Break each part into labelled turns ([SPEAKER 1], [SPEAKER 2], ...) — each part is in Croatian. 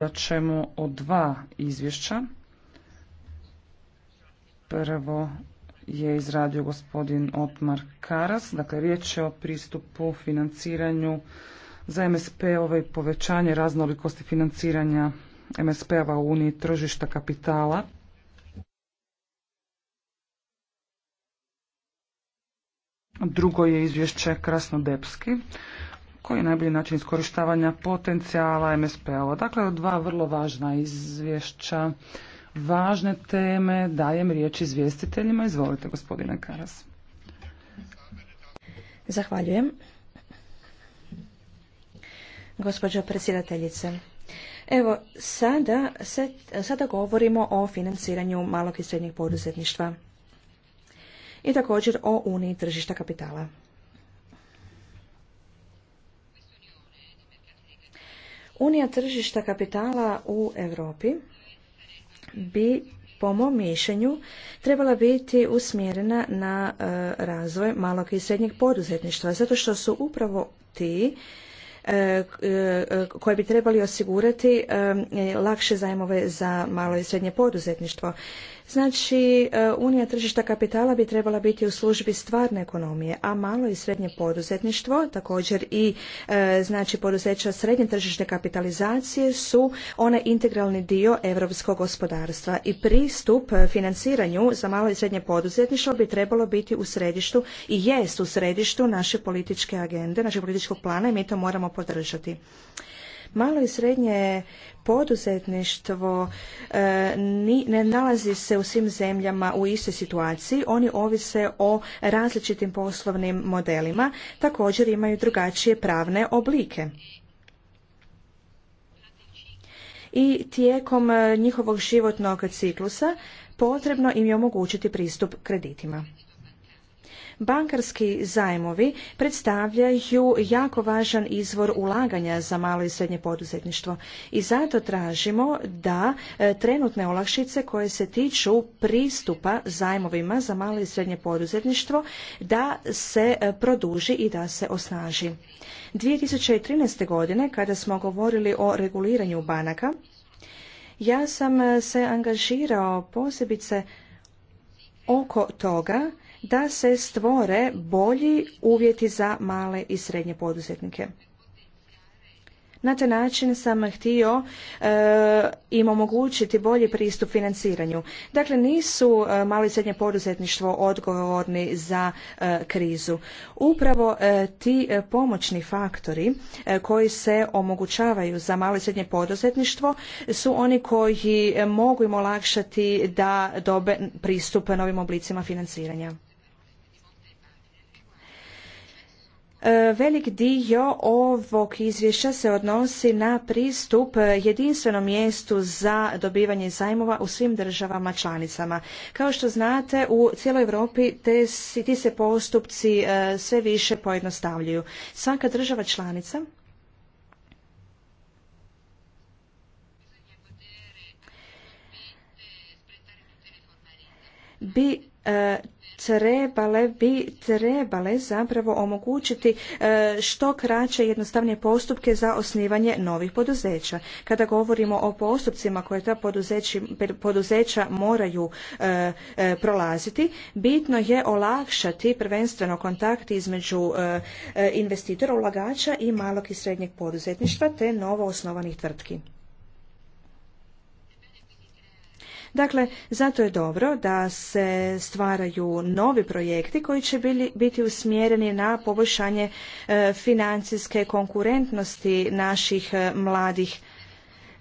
[SPEAKER 1] da ćemo o dva izvješća. Prvo je izradio gospodin Otmar Karas, dakle riječ je o pristupu financiranju za MSP-ove i povećanje raznolikosti financiranja MSP-ova u Uniji tržišta kapitala. Drugo je izvješće Krasnodepski koji je najbolji način iskorištavanja potencijala MSP-ova. Dakle, dva vrlo važna izvješća, važne teme. Dajem riječ izvjestiteljima. Izvolite, gospodine Karas.
[SPEAKER 2] Zahvaljujem. Gospođo predsjedateljice, Evo, sada, se, sada govorimo o financiranju malog i srednjeg poduzetništva i također o Uniji tržišta kapitala. Unija tržišta kapitala u Europi bi po mom mišljenju trebala biti usmjerena na e, razvoj malog i srednjeg poduzetništva zato što su upravo ti e, e, koji bi trebali osigurati lakše zajmove za malo i srednje poduzetništvo. Znači, e, Unija tržišta kapitala bi trebala biti u službi stvarne ekonomije, a malo i srednje poduzetništvo, također i e, znači poduzeća srednje tržišne kapitalizacije su onaj integralni dio europskog gospodarstva i pristup e, financiranju za malo i srednje poduzetništvo bi trebalo biti u središtu i jest u središtu naše političke agende, našeg političkog plana i mi to moramo podržati. Malo i srednje poduzetništvo e, ne nalazi se u svim zemljama u istoj situaciji, oni ovise o različitim poslovnim modelima, također imaju drugačije pravne oblike i tijekom e, njihovog životnog ciklusa potrebno im je omogućiti pristup kreditima. Bankarski zajmovi predstavljaju jako važan izvor ulaganja za malo i srednje poduzetništvo i zato tražimo da e, trenutne olakšice koje se tiču pristupa zajmovima za malo i srednje poduzetništvo da se e, produži i da se osnaži. 2013. godine kada smo govorili o reguliranju banaka ja sam e, se angažirao posebice oko toga da se stvore bolji uvjeti za male i srednje poduzetnike. Na taj način sam htio e, im omogućiti bolji pristup financiranju. Dakle, nisu e, malo i srednje poduzetništvo odgovorni za e, krizu. Upravo e, ti pomoćni faktori koji se omogućavaju za malo i srednje poduzetništvo su oni koji mogu im olakšati da dobe pristup novim oblicima financiranja. E, velik dio ovog izvješća se odnosi na pristup jedinstvenom mjestu za dobivanje zajmova u svim državama članicama. Kao što znate, u cijeloj Europi ti se postupci e, sve više pojednostavljuju. Svaka država članica bi e, trebale bi trebale zapravo omogućiti e, što kraće i jednostavnije postupke za osnivanje novih poduzeća. Kada govorimo o postupcima koje ta poduzeća moraju e, e, prolaziti, bitno je olakšati prvenstveno kontakt između investitora, ulagača i malog i srednjeg poduzetništva te novo osnovanih tvrtki. Dakle, zato je dobro da se stvaraju novi projekti koji će biti usmjereni na poboljšanje e, financijske konkurentnosti naših e, mladih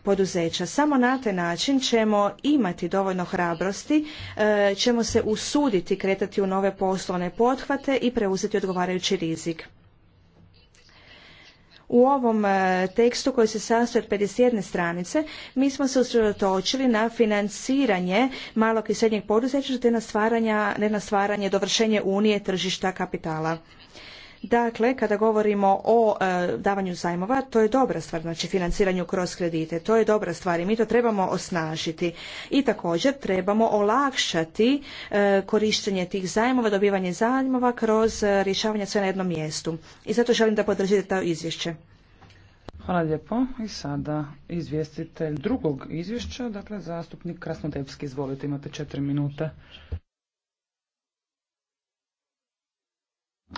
[SPEAKER 2] poduzeća. Samo na taj način ćemo imati dovoljno hrabrosti, e, ćemo se usuditi kretati u nove poslovne pothvate i preuzeti odgovarajući rizik u ovom e, tekstu koji se sastoji od 51 stranice mi smo se usredotočili na financiranje malog i srednjeg poduzeća te na stvaranje, na stvaranje dovršenje unije tržišta kapitala. Dakle, kada govorimo o e, davanju zajmova, to je dobra stvar, znači financiranju kroz kredite, to je dobra stvar i mi to trebamo osnažiti. I također trebamo olakšati e, korištenje tih zajmova, dobivanje zajmova kroz e, rješavanje sve na jednom mjestu. I zato želim da podržite to izvješće.
[SPEAKER 1] Hvala lijepo. I sada izvjestitelj drugog izvješća, dakle zastupnik Krasnodevski, izvolite, imate četiri minute.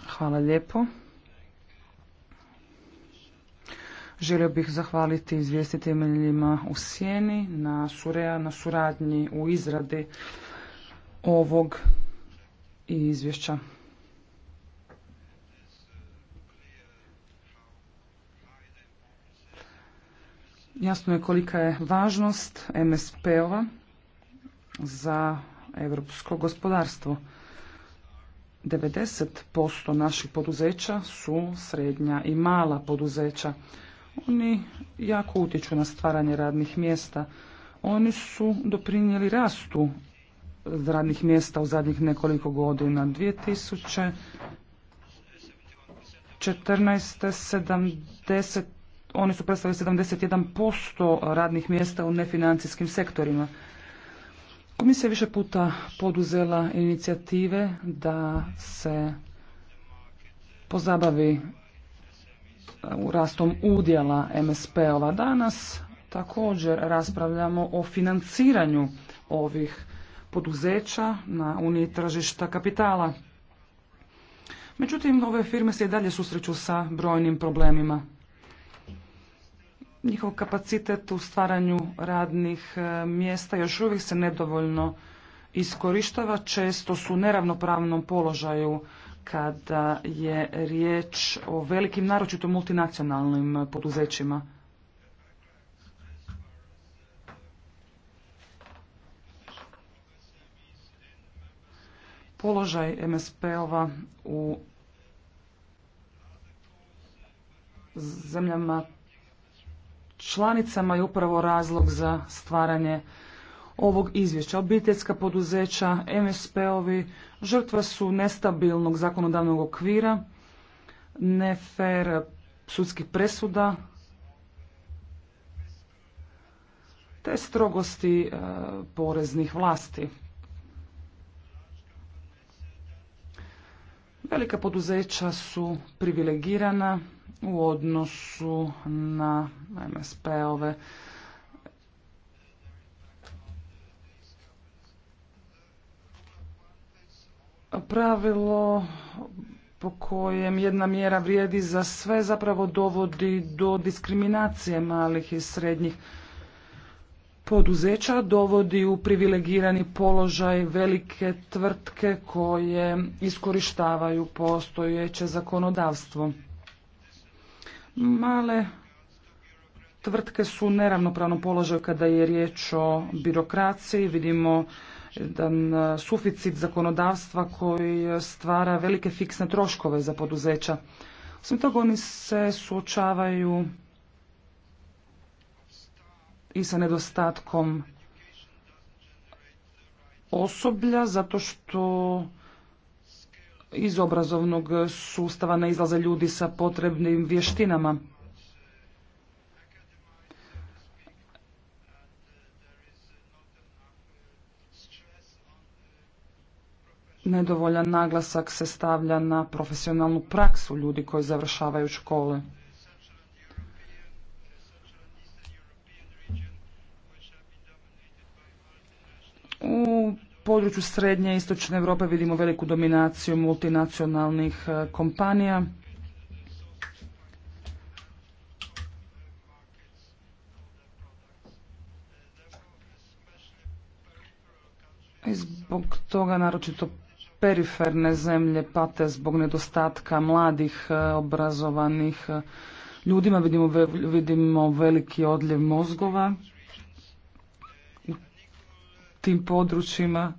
[SPEAKER 1] Hvala lijepo. Želio bih zahvaliti izvjestiteljima u Sjeni na, surea, na suradnji u izradi ovog izvješća. Jasno je kolika je važnost MSP-ova za europsko gospodarstvo. 90% naših poduzeća su srednja i mala poduzeća. Oni jako utječu na stvaranje radnih mjesta. Oni su doprinijeli rastu radnih mjesta u zadnjih nekoliko godina. 2014. 70, oni su predstavili 71% radnih mjesta u nefinancijskim sektorima. Komisija je više puta poduzela inicijative da se pozabavi e, rastom udjela MSP-ova danas. Također raspravljamo o financiranju ovih poduzeća na Uniji tržišta kapitala. Međutim, ove firme se i dalje susreću sa brojnim problemima njihov kapacitet u stvaranju radnih e, mjesta još uvijek se nedovoljno iskorištava, često su u neravnopravnom položaju kada je riječ o velikim, naročito multinacionalnim poduzećima. Položaj MSP-ova u zemljama članicama je upravo razlog za stvaranje ovog izvješća. Obiteljska poduzeća, MSP-ovi, žrtva su nestabilnog zakonodavnog okvira, nefer sudskih presuda, te strogosti e, poreznih vlasti. Velika poduzeća su privilegirana, u odnosu na MSP-ove. Pravilo po kojem jedna mjera vrijedi za sve zapravo dovodi do diskriminacije malih i srednjih poduzeća, dovodi u privilegirani položaj velike tvrtke koje iskorištavaju postojeće zakonodavstvo. Male tvrtke su u neravnopravnom položaju kada je riječ o birokraciji. Vidimo jedan e, suficit zakonodavstva koji stvara velike fiksne troškove za poduzeća. Osim toga oni se suočavaju i sa nedostatkom osoblja zato što iz obrazovnog sustava ne izlaze ljudi sa potrebnim vještinama. Nedovoljan naglasak se stavlja na profesionalnu praksu ljudi koji završavaju škole. U području srednje i istočne Europe vidimo veliku dominaciju multinacionalnih e, kompanija. I zbog toga naročito periferne zemlje pate zbog nedostatka mladih, e, obrazovanih e, ljudima. Vidimo, vidimo veliki odljev mozgova tim područjima.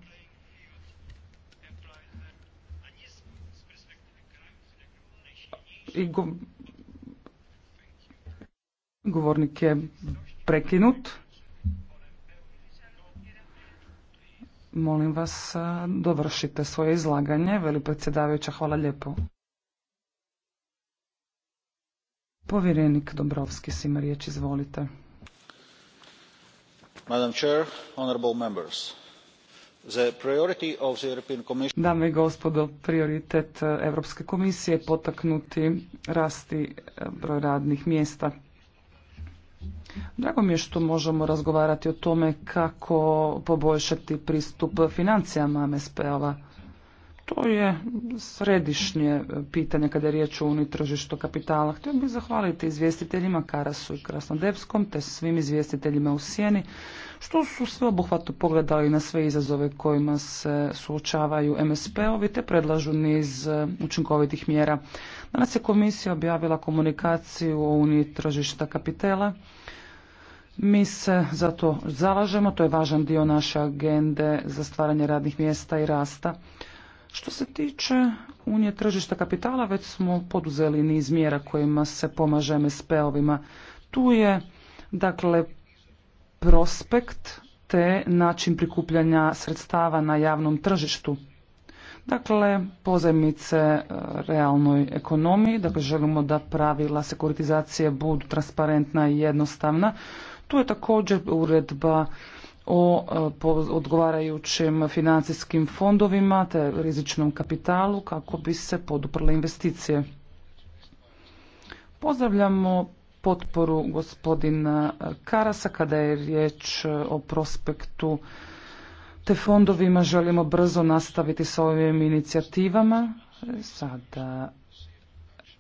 [SPEAKER 1] I Govornik je prekinut. Molim vas, dovršite svoje izlaganje. Veli predsjedavajuća, hvala lijepo. Povjerenik Dobrovski, sima riječ, izvolite.
[SPEAKER 3] Madam Chair, honorable members.
[SPEAKER 1] Dame i gospodo, prioritet Europske komisije je potaknuti rasti e, broj radnih mjesta. Drago mi je što možemo razgovarati o tome kako poboljšati pristup financijama MSP-ova. To je središnje pitanje kada je riječ o unitržištu tržištu kapitala. Htio bih zahvaliti izvjestiteljima Karasu i Krasnodevskom te svim izvjestiteljima u Sjeni što su sve obuhvatno pogledali na sve izazove kojima se suočavaju MSP-ovi te predlažu niz e, učinkovitih mjera. Danas je komisija objavila komunikaciju o uniji tržišta kapitala. Mi se zato zalažemo, to je važan dio naše agende za stvaranje radnih mjesta i rasta. Što se tiče unije tržišta kapitala, već smo poduzeli niz mjera kojima se pomaže MSP-ovima. Tu je, dakle, prospekt te način prikupljanja sredstava na javnom tržištu. Dakle, pozajmice e, realnoj ekonomiji, dakle želimo da pravila sekuritizacije budu transparentna i jednostavna. Tu je također uredba o e, odgovarajućim financijskim fondovima te rizičnom kapitalu kako bi se poduprle investicije. Pozdravljamo potporu gospodina Karasa kada je riječ o prospektu te fondovima. Želimo brzo nastaviti s ovim inicijativama. Sada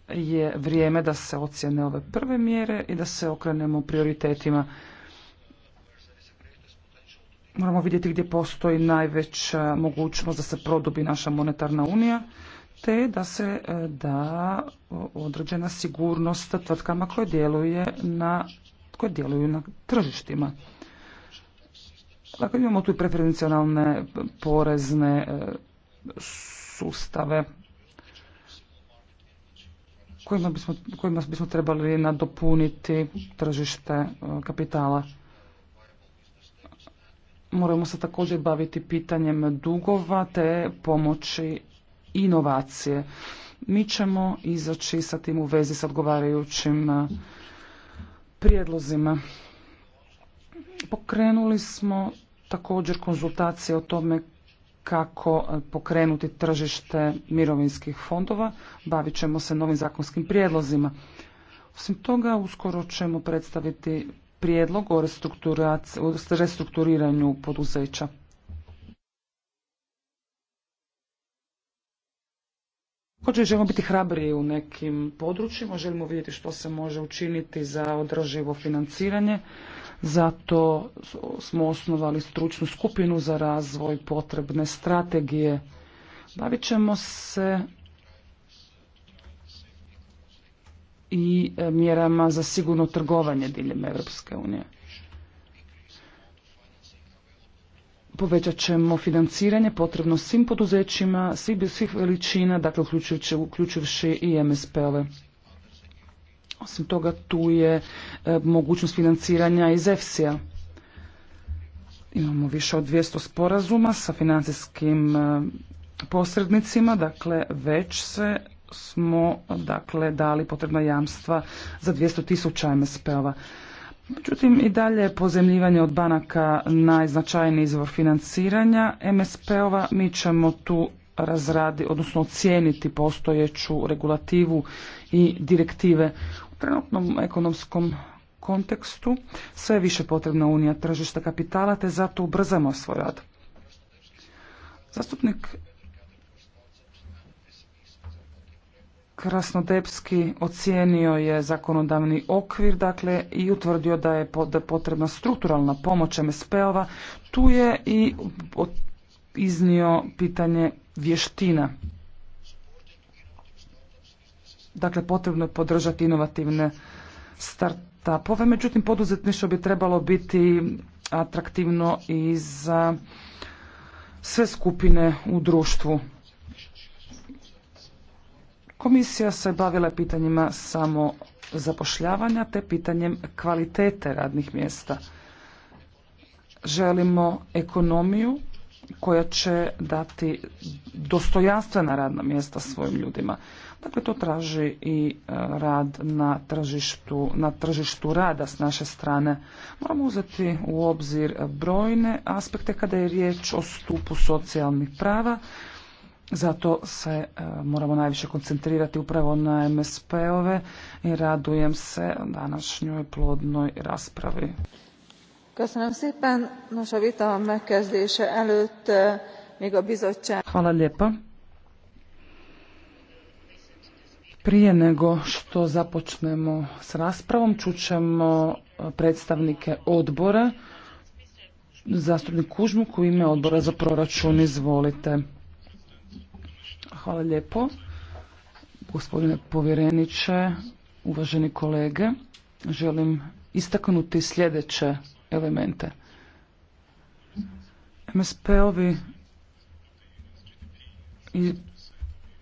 [SPEAKER 1] je vrijeme da se ocjene ove prve mjere i da se okrenemo prioritetima. Moramo vidjeti gdje postoji najveća mogućnost da se produbi naša monetarna unija, te da se e, da određena sigurnost tvrtkama koje djeluje na, koje djeluju na tržištima. Dakle, imamo tu preferencionalne porezne e, sustave kojima bismo, kojima bismo trebali nadopuniti tržište e, kapitala. Moramo se također baviti pitanjem dugova te pomoći inovacije. Mi ćemo izaći sa tim u vezi s odgovarajućim e, prijedlozima. Pokrenuli smo također konzultacije o tome kako e, pokrenuti tržište mirovinskih fondova. Bavit ćemo se novim zakonskim prijedlozima. Osim toga, uskoro ćemo predstaviti prijedlog o restrukturiranju poduzeća. Također želimo biti hrabriji u nekim područjima, želimo vidjeti što se može učiniti za održivo financiranje, zato smo osnovali stručnu skupinu za razvoj potrebne strategije. Bavit ćemo se i e, mjerama za sigurno trgovanje diljem Europske unije. Povećat ćemo financiranje potrebno svim poduzećima, svih, svih veličina, dakle uključujući, uključujući i MSP-ove. Osim toga tu je e, mogućnost financiranja iz EFSI-a. Imamo više od 200 sporazuma sa financijskim e, posrednicima, dakle već se smo dakle dali potrebna jamstva za 200 tisuća MSP-ova. Međutim, i dalje je pozemljivanje od banaka najznačajniji izvor financiranja MSP-ova. Mi ćemo tu razradi, odnosno ocijeniti postojeću regulativu i direktive u trenutnom ekonomskom kontekstu. Sve je više potrebna unija tržišta kapitala, te zato ubrzamo svoj rad. Zastupnik Krasnodepski ocijenio je zakonodavni okvir, dakle, i utvrdio da je potrebna strukturalna pomoć MSP-ova. Tu je i iznio pitanje vještina. Dakle, potrebno je podržati inovativne startupove, međutim, poduzetništvo bi trebalo biti atraktivno i za sve skupine u društvu. Komisija se bavila pitanjima samo zapošljavanja te pitanjem kvalitete radnih mjesta. Želimo ekonomiju koja će dati dostojanstvena radna mjesta svojim ljudima. Dakle, to traži i e, rad na tržištu, na tržištu rada s naše strane. Moramo uzeti u obzir brojne aspekte kada je riječ o stupu socijalnih prava, zato se e, moramo najviše koncentrirati upravo na MSP-ove i radujem se današnjoj plodnoj raspravi. E, Hvala lijepa. Prije nego što započnemo s raspravom, čućemo e, predstavnike odbora. Zastupnik Kužmuk u ime odbora za proračun, izvolite. Hvala lijepo. Gospodine povjereniče, uvaženi kolege, želim istaknuti sljedeće elemente. MSP-ovi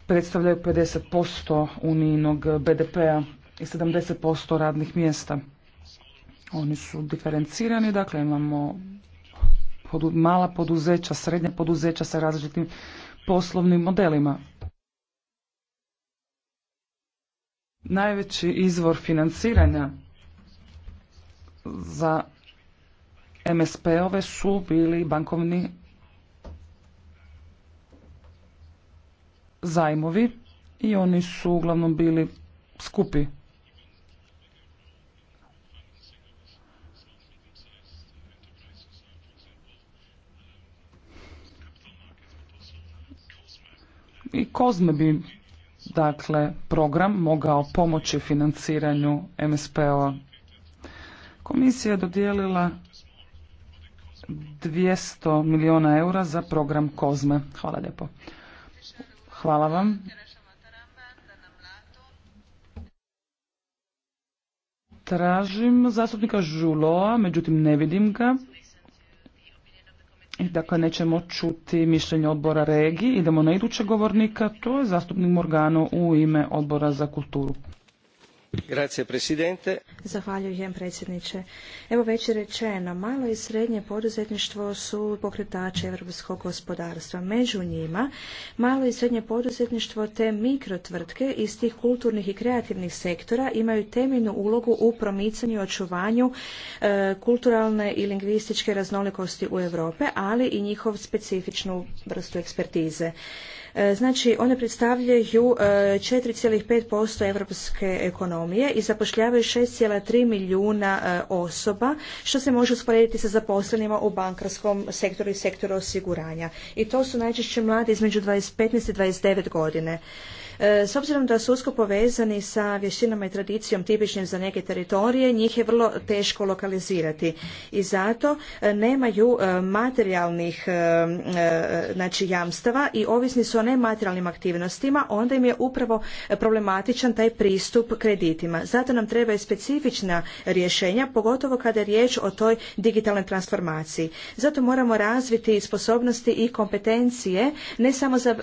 [SPEAKER 1] predstavljaju 50% unijinog BDP-a i 70% radnih mjesta. Oni su diferencirani, dakle imamo mala poduzeća, srednja poduzeća sa različitim poslovnim modelima. Najveći izvor financiranja za MSP-ove su bili bankovni zajmovi i oni su uglavnom bili skupi. i Kozme bi dakle program mogao pomoći financiranju msp a Komisija je dodijelila 200 milijuna eura za program Kozme. Hvala lijepo. Hvala vam. Tražim zastupnika Žuloa, međutim ne vidim ga dakle, nećemo čuti mišljenje odbora regiji. Idemo na idućeg govornika, to je zastupnik Morgano u ime odbora za kulturu.
[SPEAKER 2] Grazie, Zahvaljujem predsjedniče. Evo već je rečeno, malo i srednje poduzetništvo su pokretači europskog gospodarstva. Među njima malo i srednje poduzetništvo te mikrotvrtke iz tih kulturnih i kreativnih sektora imaju temeljnu ulogu u promicanju i očuvanju e, kulturalne i lingvističke raznolikosti u Europe, ali i njihov specifičnu vrstu ekspertize. E, znači, one predstavljaju 4,5% e, europske ekonomije i zapošljavaju 6,3 milijuna e, osoba, što se može usporediti sa zaposlenima u bankarskom sektoru i sektoru osiguranja. I to su najčešće mladi između 15 i 29 godine. E, s obzirom da su usko povezani sa vještinama i tradicijom tipičnim za neke teritorije, njih je vrlo teško lokalizirati i zato e, nemaju e, materijalnih znači jamstava i ovisni su o nematerijalnim aktivnostima, onda im je upravo problematičan taj pristup kreditima. Zato nam treba i specifična rješenja, pogotovo kada je riječ o toj digitalnoj transformaciji. Zato moramo razviti sposobnosti i kompetencije ne samo za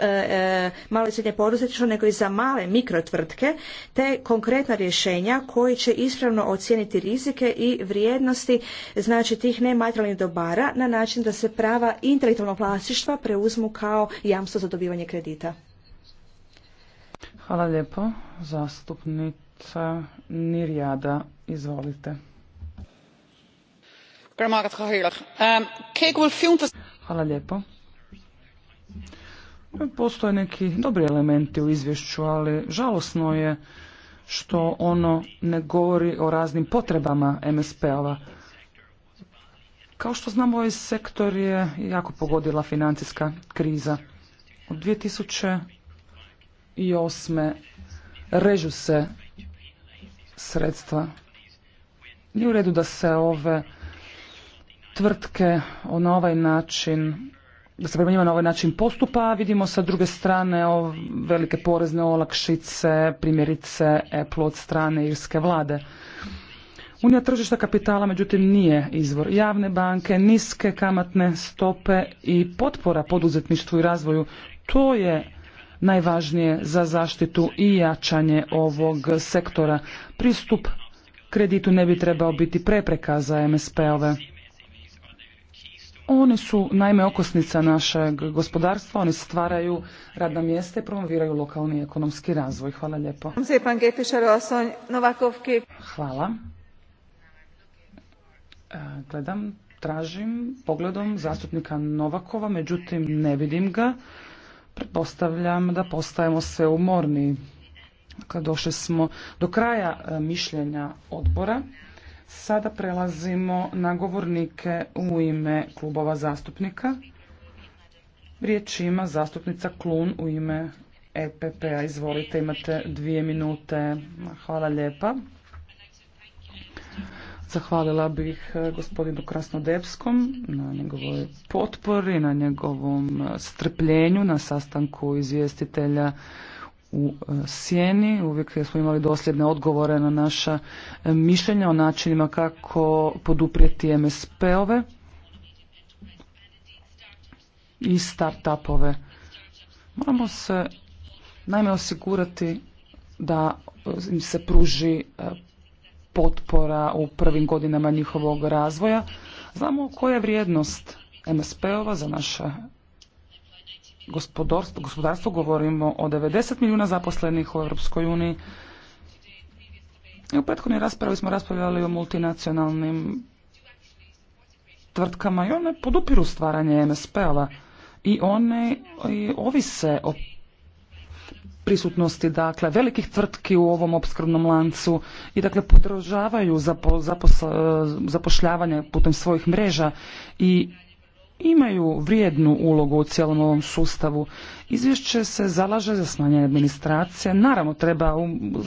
[SPEAKER 2] malo i srednje poduzetništvo, nego i za male mikrotvrtke, te konkretna rješenja koji će ispravno ocijeniti rizike i vrijednosti znači tih nematerijalnih dobara na način da se prava intelektualnog vlasništva preuzmu kao jamstvo za dobivanje kredita.
[SPEAKER 1] Hvala lijepo. Zastupnica Nirjada, izvolite. Ehm, Hvala lijepo. Postoje neki dobri elementi u izvješću, ali žalosno je što ono ne govori o raznim potrebama MSP-ova. Kao što znamo, ovaj sektor je jako pogodila financijska kriza. Od 2008. režu se sredstva. Nije u redu da se ove tvrtke na ovaj način da se prema na ovaj način postupa. Vidimo sa druge strane velike porezne olakšice, primjerice Apple od strane irske vlade. Unija tržišta kapitala međutim nije izvor javne banke, niske kamatne stope i potpora poduzetništvu i razvoju. To je najvažnije za zaštitu i jačanje ovog sektora. Pristup kreditu ne bi trebao biti prepreka za MSP-ove. Oni su naime okosnica našeg gospodarstva, oni stvaraju radna mjesta i promoviraju lokalni i ekonomski razvoj. Hvala lijepo. Hvala. Gledam, tražim pogledom zastupnika Novakova, međutim ne vidim ga. Pretpostavljam da postajemo sve umorni. Dakle, došli smo do kraja mišljenja odbora. Sada prelazimo na govornike u ime klubova zastupnika. Riječ ima zastupnica Klun u ime EPP-a. Izvolite, imate dvije minute. Hvala lijepa. Zahvalila bih e, gospodinu Krasnodepskom na njegovoj potpori, na njegovom e, strpljenju na sastanku izvjestitelja u e, sjeni. Uvijek smo imali dosljedne odgovore na naša e, mišljenja o načinima kako poduprijeti MSP-ove i start-upove. Moramo se najme osigurati da e, im se pruži potpora u prvim godinama njihovog razvoja. Znamo koja je vrijednost MSP-ova za naše gospodarstvo, gospodarstvo govorimo o 90 milijuna zaposlenih u Europskoj uniji. I u prethodnoj raspravi smo raspravljali o multinacionalnim tvrtkama i one podupiru stvaranje MSP-ova i one i ovise o prisutnosti dakle velikih tvrtki u ovom opskrbnom lancu i dakle podržavaju zapo, zapošljavanje putem svojih mreža i imaju vrijednu ulogu u cijelom ovom sustavu. Izvješće se zalaže za smanjenje administracije. Naravno, treba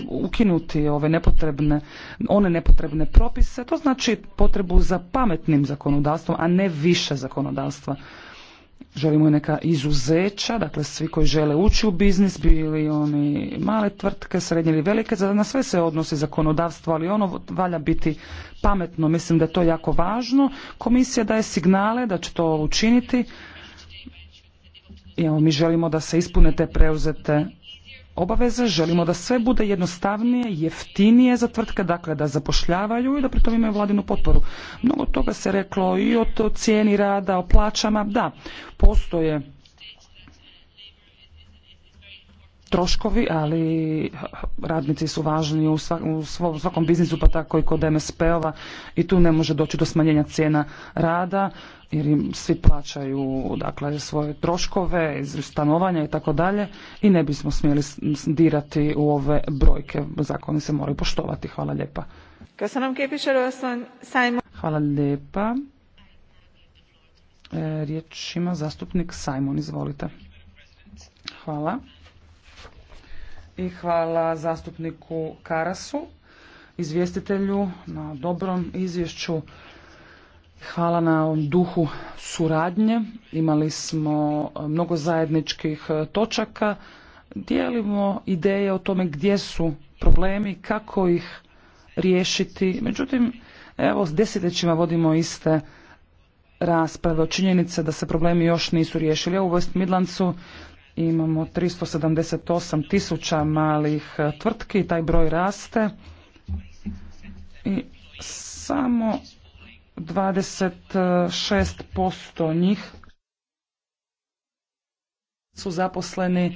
[SPEAKER 1] ukinuti ove nepotrebne, one nepotrebne propise. To znači potrebu za pametnim zakonodavstvom, a ne više zakonodavstva želimo neka izuzeća, dakle svi koji žele ući u biznis, bili oni male tvrtke, srednje ili velike, na sve se odnosi zakonodavstvo, ali ono valja biti pametno, mislim da je to jako važno. Komisija daje signale da će to učiniti. evo, mi želimo da se ispune te preuzete obaveze, želimo da sve bude jednostavnije, jeftinije za tvrtke, dakle da zapošljavaju i da pritom imaju vladinu potporu. Mnogo toga se reklo i o cijeni rada, o plaćama, da, postoje troškovi, ali eh, radnici su važni u, svakom biznisu, pa tako i kod MSP-ova i tu ne može doći do smanjenja cijena rada, jer im svi plaćaju dakle, svoje troškove, stanovanja i tako dalje i ne bismo smjeli dirati u ove brojke. Zakoni se moraju poštovati. Hvala lijepa. Hvala lijepa. Eh, riječ ima zastupnik Simon, izvolite. Hvala i hvala zastupniku Karasu, izvjestitelju na dobrom izvješću. Hvala na ovom duhu suradnje. Imali smo e, mnogo zajedničkih e, točaka. Dijelimo ideje o tome gdje su problemi, kako ih riješiti. Međutim, evo s desetljećima vodimo iste rasprave o činjenice da se problemi još nisu riješili. Evo u West Midlandsu imamo 378 tisuća malih e, tvrtki, taj broj raste i samo 26% njih su zaposleni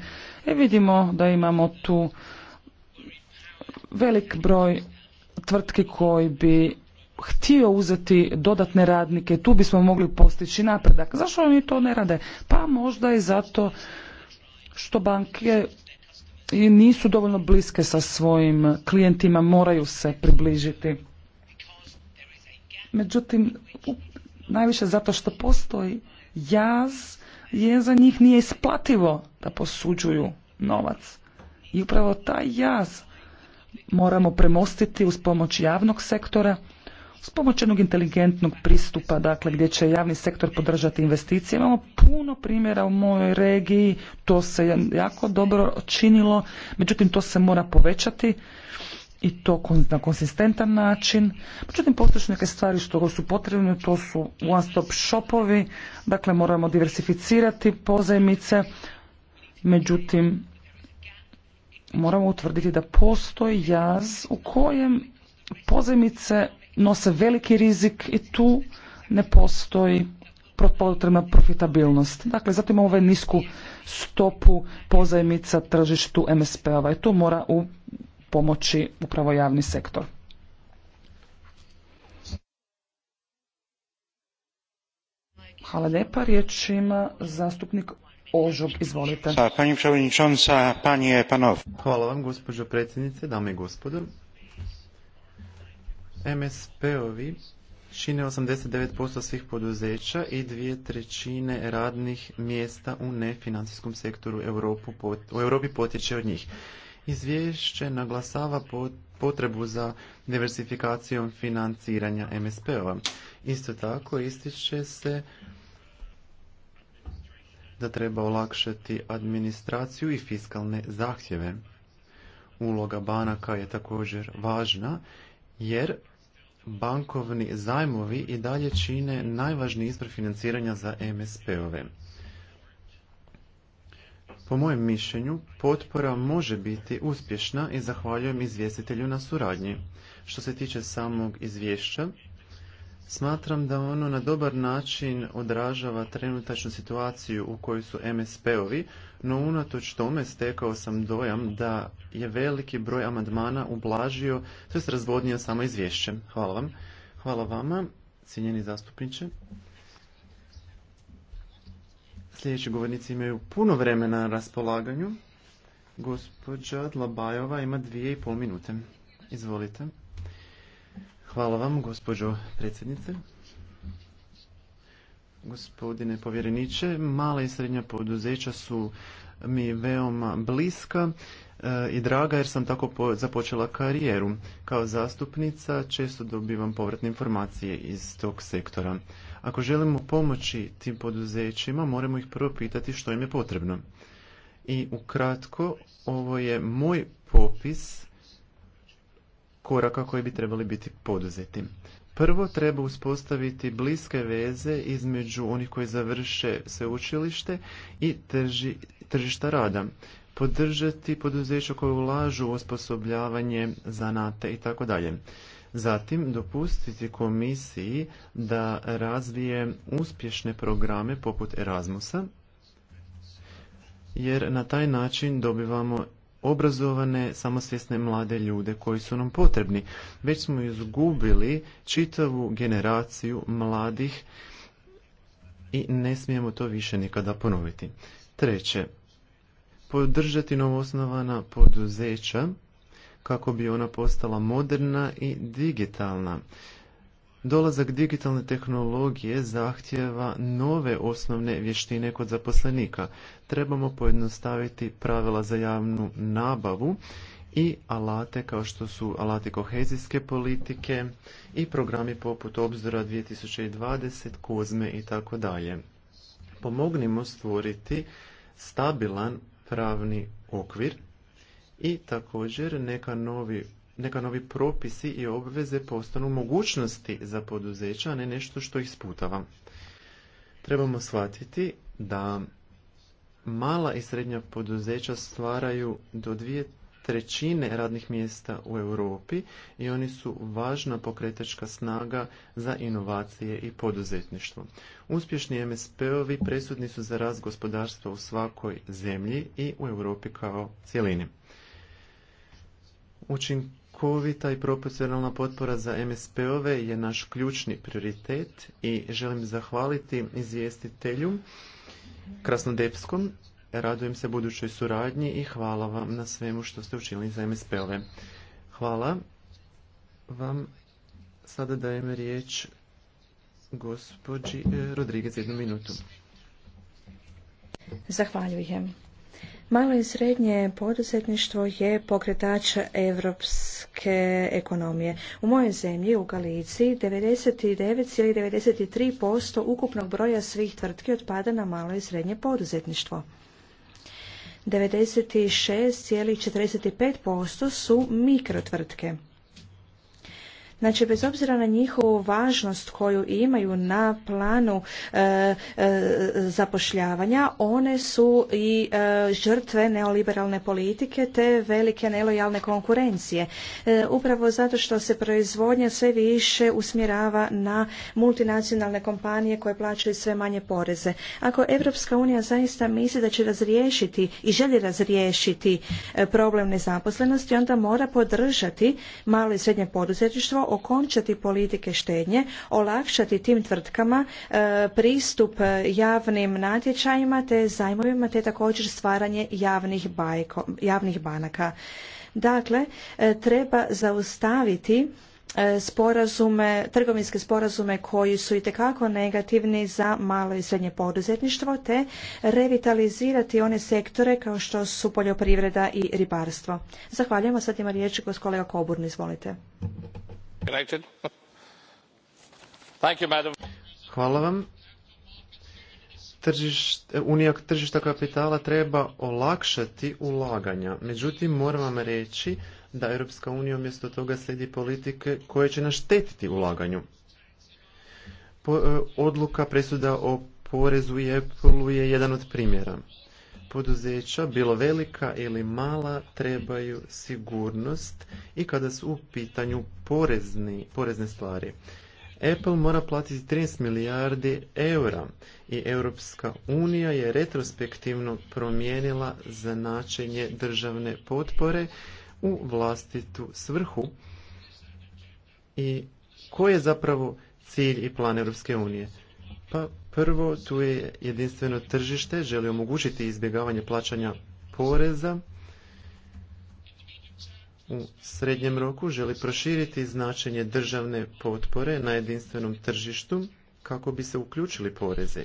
[SPEAKER 1] i e, vidimo da imamo tu velik broj tvrtki koji bi htio uzeti dodatne radnike, tu bismo mogli postići napredak. Zašto oni to ne rade? Pa možda i zato što banke i nisu dovoljno bliske sa svojim klijentima, moraju se približiti. Međutim, najviše zato što postoji jaz, je za njih nije isplativo da posuđuju novac. I upravo taj jaz moramo premostiti uz pomoć javnog sektora s pomoć jednog inteligentnog pristupa, dakle gdje će javni sektor podržati investicije. Imamo puno primjera u mojoj regiji, to se jako dobro činilo, međutim to se mora povećati i to na konsistentan način. Međutim, postoje neke stvari što su potrebne, to su one-stop shopovi, dakle moramo diversificirati pozajmice, međutim, moramo utvrditi da postoji jaz u kojem pozajmice nose veliki rizik i tu ne postoji potrebna profitabilnost. Dakle, zatim imamo ovaj nisku stopu pozajmica tržištu MSP-ova i tu mora u pomoći upravo javni sektor. Hvala lijepa. Riječ ima zastupnik Ožog. Izvolite. Pani
[SPEAKER 3] Hvala vam, gospođo predsjednice, dame i gospodo. MSP-ovi čine 89% svih poduzeća i dvije trećine radnih mjesta u nefinancijskom sektoru Europu, u Europi potječe od njih. Izvješće naglasava potrebu za diversifikacijom financiranja MSP-ova. Isto tako ističe se da treba olakšati administraciju i fiskalne zahtjeve. Uloga banaka je također važna jer bankovni zajmovi i dalje čine najvažniji izvor financiranja za MSP-ove. Po mojem mišljenju, potpora može biti uspješna i zahvaljujem izvjestitelju na suradnji. Što se tiče samog izvješća, smatram da ono na dobar način odražava trenutačnu situaciju u kojoj su MSP-ovi, no unatoč tome stekao sam dojam da je veliki broj amandmana ublažio, to je razvodnio samo izvješćem Hvala vam. Hvala vama, cijenjeni zastupniče. Sljedeći govornici imaju puno vremena na raspolaganju. Gospođa Dlabajova ima dvije i pol minute. Izvolite. Hvala vam, gospođo predsjednice. Gospodine povjereniče, mala i srednja poduzeća su mi veoma bliska eh, i draga jer sam tako započela karijeru. Kao zastupnica često dobivam povratne informacije iz tog sektora. Ako želimo pomoći tim poduzećima, moramo ih prvo pitati što im je potrebno. I ukratko, ovo je moj popis koraka koji bi trebali biti poduzeti. Prvo treba uspostaviti bliske veze između onih koji završe sveučilište i tržišta rada. Podržati poduzeća koje ulažu u osposobljavanje zanate i tako dalje. Zatim dopustiti komisiji da razvije uspješne programe poput Erasmusa, jer na taj način dobivamo obrazovane, samosvjesne mlade ljude koji su nam potrebni. Već smo izgubili čitavu generaciju mladih i ne smijemo to više nikada ponoviti. Treće, podržati novoosnovana poduzeća kako bi ona postala moderna i digitalna. Dolazak digitalne tehnologije zahtjeva nove osnovne vještine kod zaposlenika. Trebamo pojednostaviti pravila za javnu nabavu i alate kao što su alate kohezijske politike i programi poput obzora 2020, kozme i tako dalje. Pomognimo stvoriti stabilan pravni okvir i također neka novi neka novi propisi i obveze postanu mogućnosti za poduzeća, a ne nešto što ih sputava. Trebamo shvatiti da mala i srednja poduzeća stvaraju do dvije trećine radnih mjesta u Europi i oni su važna pokretačka snaga za inovacije i poduzetništvo. Uspješni MSP-ovi presudni su za rast gospodarstva u svakoj zemlji i u Europi kao cjelini. Učin učinkovita i proporcionalna potpora za MSP-ove je naš ključni prioritet i želim zahvaliti izvjestitelju Krasnodepskom. Radujem se budućoj suradnji i hvala vam na svemu što ste učinili za MSP-ove. Hvala vam. Sada dajem riječ gospođi eh, Rodriguez jednu minutu.
[SPEAKER 2] Zahvaljujem. Malo i srednje poduzetništvo je pokretač evropske ekonomije. U mojoj zemlji, u Galiciji, 99,93% ukupnog broja svih tvrtki otpada na malo i srednje poduzetništvo. 96,45% su mikrotvrtke. Znači, bez obzira na njihovu važnost koju imaju na planu e, e, zapošljavanja, one su i e, žrtve neoliberalne politike te velike nelojalne konkurencije. Upravo zato što se proizvodnja sve više usmjerava na multinacionalne kompanije koje plaćaju sve manje poreze. Ako Evropska unija zaista misli da će razriješiti i želi razriješiti problem nezaposlenosti, onda mora podržati malo i srednje poduzetništvo, okončati politike štednje, olakšati tim tvrtkama e, pristup e, javnim natječajima te zajmovima te također stvaranje javnih, javnih banaka. Dakle, e, treba zaustaviti trgovinske sporazume koji su itekako negativni za malo i srednje poduzetništvo te revitalizirati one sektore kao što su poljoprivreda i ribarstvo. Zahvaljujemo, sad ima riječ kolega Koburn, izvolite. Hvala
[SPEAKER 3] vam. E, unija tržišta kapitala treba olakšati ulaganja. Međutim, moram vam reći da Europska unija umjesto toga slijedi politike koje će naštetiti ulaganju. E, odluka presuda o porezu i je jedan od primjera. Poduzeća, bilo velika ili mala, trebaju sigurnost i kada su u pitanju porezni, porezne stvari. Apple mora platiti 13 milijardi eura i Europska unija je retrospektivno promijenila značenje državne potpore u vlastitu svrhu i koji je zapravo cilj i plan Europske unije? Pa Prvo, tu je jedinstveno tržište, želi omogućiti izbjegavanje plaćanja poreza. U srednjem roku želi proširiti značenje državne potpore na jedinstvenom tržištu kako bi se uključili poreze,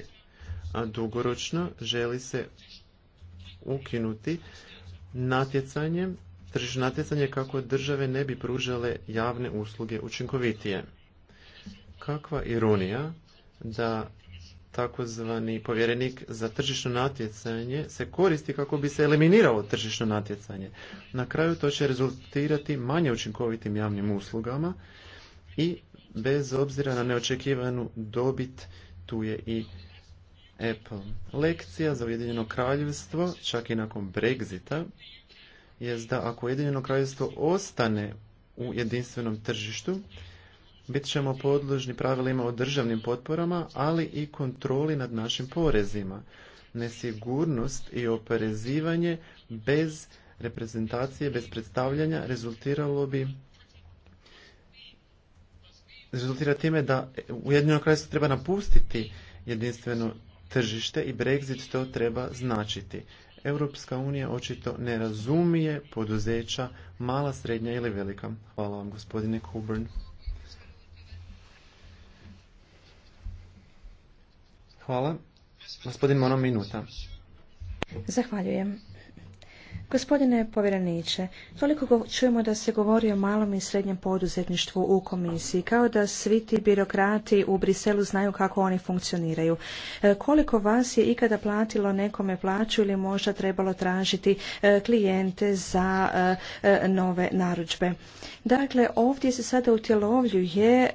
[SPEAKER 3] a dugoročno želi se ukinuti natjecanje, tržišno natjecanje kako države ne bi pružale javne usluge učinkovitije. Kakva ironija da takozvani povjerenik za tržišno natjecanje se koristi kako bi se eliminiralo tržišno natjecanje. Na kraju to će rezultirati manje učinkovitim javnim uslugama i bez obzira na neočekivanu dobit tu je i Apple. Lekcija za Ujedinjeno kraljevstvo, čak i nakon Brexita, je da ako Ujedinjeno kraljevstvo ostane u jedinstvenom tržištu, bit ćemo podložni pravilima o državnim potporama, ali i kontroli nad našim porezima. Nesigurnost i oporezivanje bez reprezentacije, bez predstavljanja rezultiralo bi rezultira time da Ujedinjeno kraljevstvo treba napustiti jedinstveno tržište i Brexit to treba značiti. Europska unija očito ne razumije poduzeća mala, srednja ili velika. Hvala vam gospodine Kuburn. Hvala. Gospodin Mono, minuta.
[SPEAKER 2] Zahvaljujem. Gospodine povjereniče, toliko čujemo da se govori o malom i srednjem poduzetništvu u komisiji, kao da svi ti birokrati u Briselu znaju kako oni funkcioniraju. E, koliko vas je ikada platilo nekome plaću ili možda trebalo tražiti e, klijente za e, nove narudžbe? Dakle, ovdje se sada utjelovljuje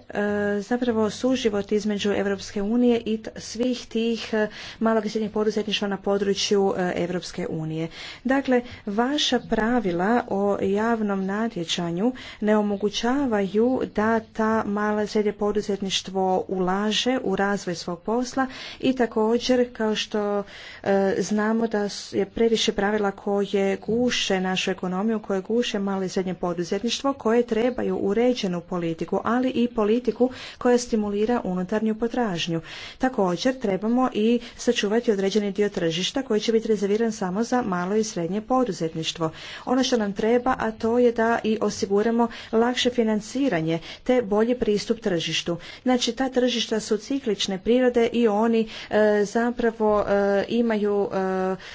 [SPEAKER 2] zapravo suživot između Europske unije i svih tih malog i srednjeg poduzetništva na području Europske unije. Dakle, vaša pravila o javnom natječanju ne omogućavaju da ta mala srednje poduzetništvo ulaže u razvoj svog posla i također kao što e, znamo da je previše pravila koje guše našu ekonomiju, koje guše malo i srednje poduzetništvo, koje trebaju uređenu politiku, ali i politiku koja stimulira unutarnju potražnju. Također trebamo i sačuvati određeni dio tržišta koji će biti rezerviran samo za malo i srednje poduzetništvo poduzetništvo. Ono što nam treba, a to je da i osiguramo lakše financiranje te bolji pristup tržištu. Znači, ta tržišta su ciklične prirode i oni e, zapravo e, imaju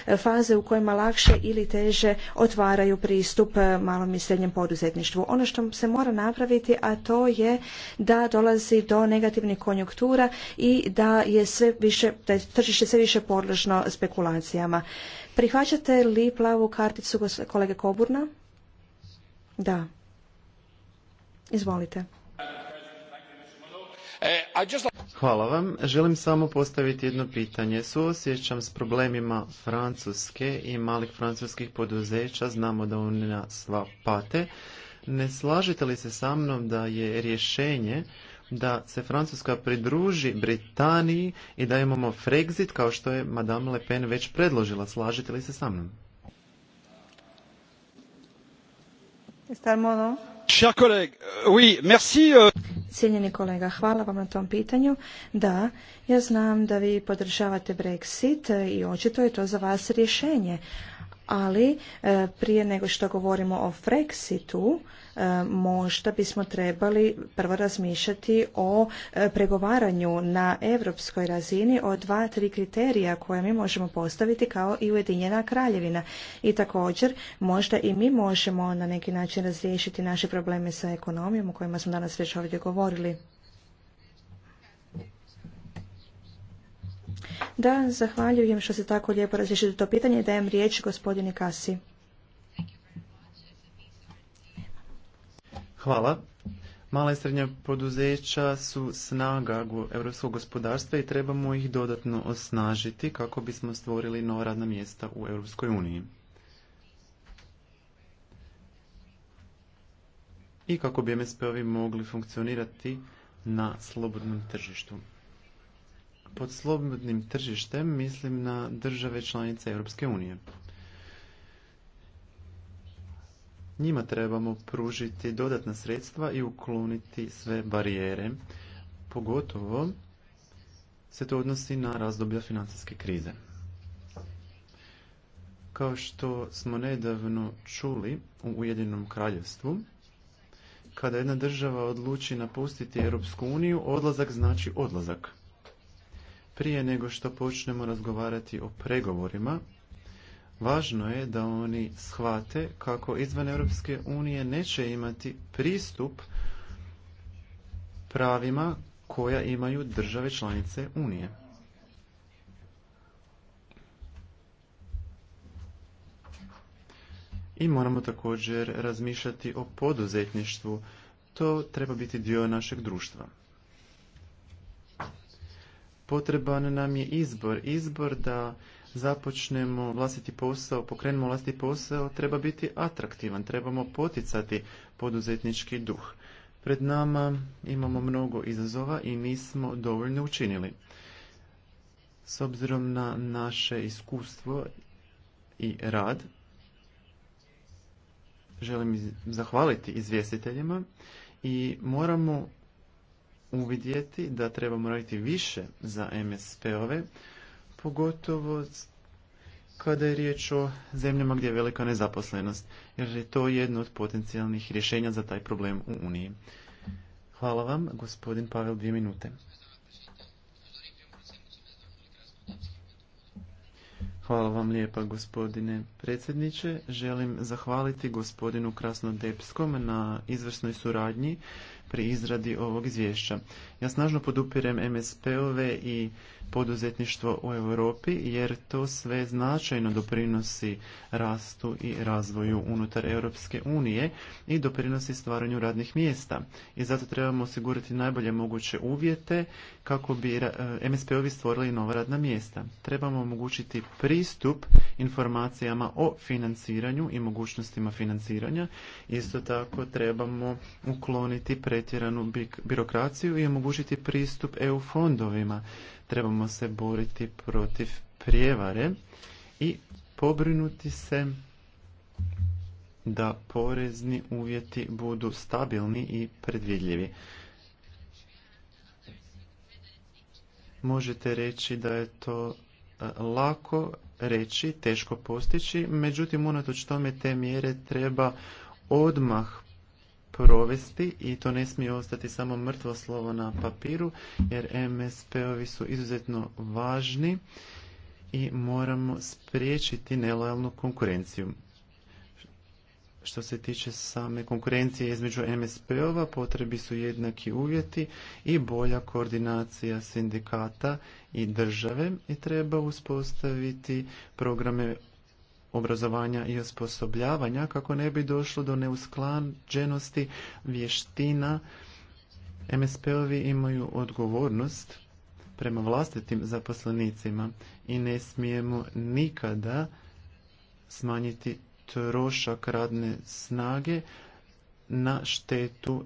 [SPEAKER 2] e, faze u kojima lakše ili teže otvaraju pristup malom i srednjem poduzetništvu. Ono što se mora napraviti, a to je da dolazi do negativnih konjunktura i da je sve više, da je tržište sve više podložno spekulacijama. Prihvaćate li plavu karticu kolege Koburna? Da. Izvolite.
[SPEAKER 3] E, Hvala vam. Želim samo postaviti jedno pitanje. Suosjećam s problemima Francuske i malih francuskih poduzeća. Znamo da oni nas pate. Ne slažete li se sa mnom da je rješenje da se Francuska pridruži Britaniji i da imamo Frexit kao što je Madame Le Pen već predložila. Slažete li se sa mnom?
[SPEAKER 2] Euh, euh. Cijenjeni kolega, hvala vam na tom pitanju. Da, ja znam da vi podržavate Brexit i očito je to za vas rješenje ali e, prije nego što govorimo o Frexitu, e, možda bismo trebali prvo razmišljati o e, pregovaranju na europskoj razini o dva, tri kriterija koje mi možemo postaviti kao i Ujedinjena kraljevina. I također možda i mi možemo na neki način razriješiti naše probleme sa ekonomijom o kojima smo danas već ovdje govorili. Da, zahvaljujem što se tako lijepo razriješili to pitanje. Dajem riječ gospodine Kasi.
[SPEAKER 3] Hvala. Mala i srednja poduzeća su snaga europskog gospodarstva i trebamo ih dodatno osnažiti kako bismo stvorili nova radna mjesta u Europskoj uniji. I kako bi MSP-ovi mogli funkcionirati na slobodnom tržištu pod slobodnim tržištem mislim na države članice Europske unije. Njima trebamo pružiti dodatna sredstva i ukloniti sve barijere, pogotovo se to odnosi na razdoblja financijske krize. Kao što smo nedavno čuli u Ujedinom kraljevstvu, kada jedna država odluči napustiti Europsku uniju, odlazak znači odlazak. Prije nego što počnemo razgovarati o pregovorima, važno je da oni shvate kako izvan Europske unije neće imati pristup pravima koja imaju države članice unije. I moramo također razmišljati o poduzetništvu. To treba biti dio našeg društva. Potreban nam je izbor. Izbor da započnemo vlastiti posao, pokrenemo vlastiti posao, treba biti atraktivan. Trebamo poticati poduzetnički duh. Pred nama imamo mnogo izazova i nismo dovoljno učinili. S obzirom na naše iskustvo i rad, želim zahvaliti izvjestiteljima i moramo uvidjeti da trebamo raditi više za MSP-ove, pogotovo kada je riječ o zemljama gdje je velika nezaposlenost, jer je to jedno od potencijalnih rješenja za taj problem u Uniji. Hvala vam, gospodin Pavel, dvije minute. Hvala vam lijepa gospodine predsjedniče. Želim zahvaliti gospodinu Krasnodepskom na izvrsnoj suradnji pri izradi ovog izvješća. Ja snažno podupirem MSP-ove i poduzetništvo u Europi jer to sve značajno doprinosi rastu i razvoju unutar Europske unije i doprinosi stvaranju radnih mjesta. I zato trebamo osigurati najbolje moguće uvjete kako bi eh, MSP-ovi stvorili nova radna mjesta. Trebamo omogućiti pristup informacijama o financiranju i mogućnostima financiranja. Isto tako trebamo ukloniti pretjeranu birokraciju i omogućiti pristup EU fondovima Trebamo se boriti protiv prijevare i pobrinuti se da porezni uvjeti budu stabilni i predvidljivi. Možete reći da je to e, lako reći, teško postići, međutim unatoč tome te mjere treba odmah provesti i to ne smije ostati samo mrtvo slovo na papiru jer MSP-ovi su izuzetno važni i moramo spriječiti nelojalnu konkurenciju. Što se tiče same konkurencije između MSP-ova, potrebi su jednaki uvjeti i bolja koordinacija sindikata i države i treba uspostaviti programe obrazovanja i osposobljavanja kako ne bi došlo do neusklađenosti vještina. MSP-ovi imaju odgovornost prema vlastitim zaposlenicima i ne smijemo nikada smanjiti trošak radne snage na štetu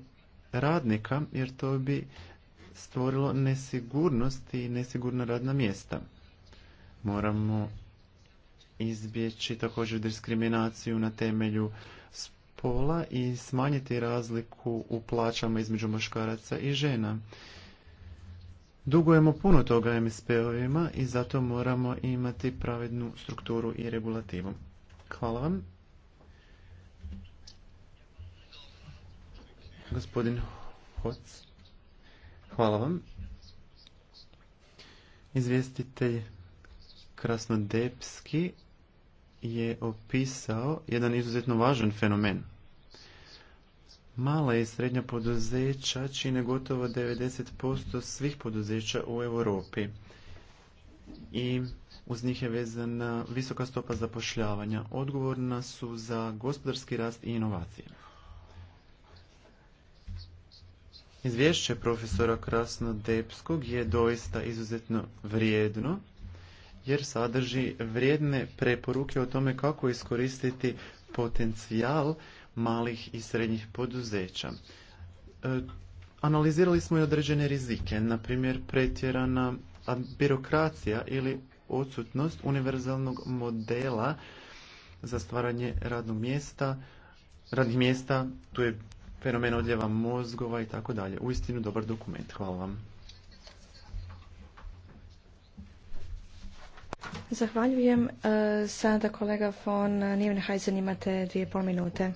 [SPEAKER 3] radnika jer to bi stvorilo nesigurnost i nesigurna radna mjesta. Moramo izbjeći također diskriminaciju na temelju spola i smanjiti razliku u plaćama između muškaraca i žena. Dugujemo puno toga MSP-ovima i zato moramo imati pravednu strukturu i regulativu. Hvala vam. Gospodin Hoc. Hvala vam. Izvjestitelj Krasnodepski je opisao jedan izuzetno važan fenomen. Mala i srednja poduzeća čine gotovo 90% svih poduzeća u Europi i uz njih je vezana visoka stopa zapošljavanja. Odgovorna su za gospodarski rast i inovacije. Izvješće profesora krasnodepskog je doista izuzetno vrijedno jer sadrži vrijedne preporuke o tome kako iskoristiti potencijal malih i srednjih poduzeća. E, analizirali smo i određene rizike, na primjer pretjerana birokracija ili odsutnost univerzalnog modela za stvaranje radnog mjesta, radnih mjesta, tu je fenomen odljeva mozgova i tako dalje. Uistinu dobar dokument. Hvala vam.
[SPEAKER 2] Zahvaljujem. E, sada kolega von Nivenhajzen imate dvije pol minute.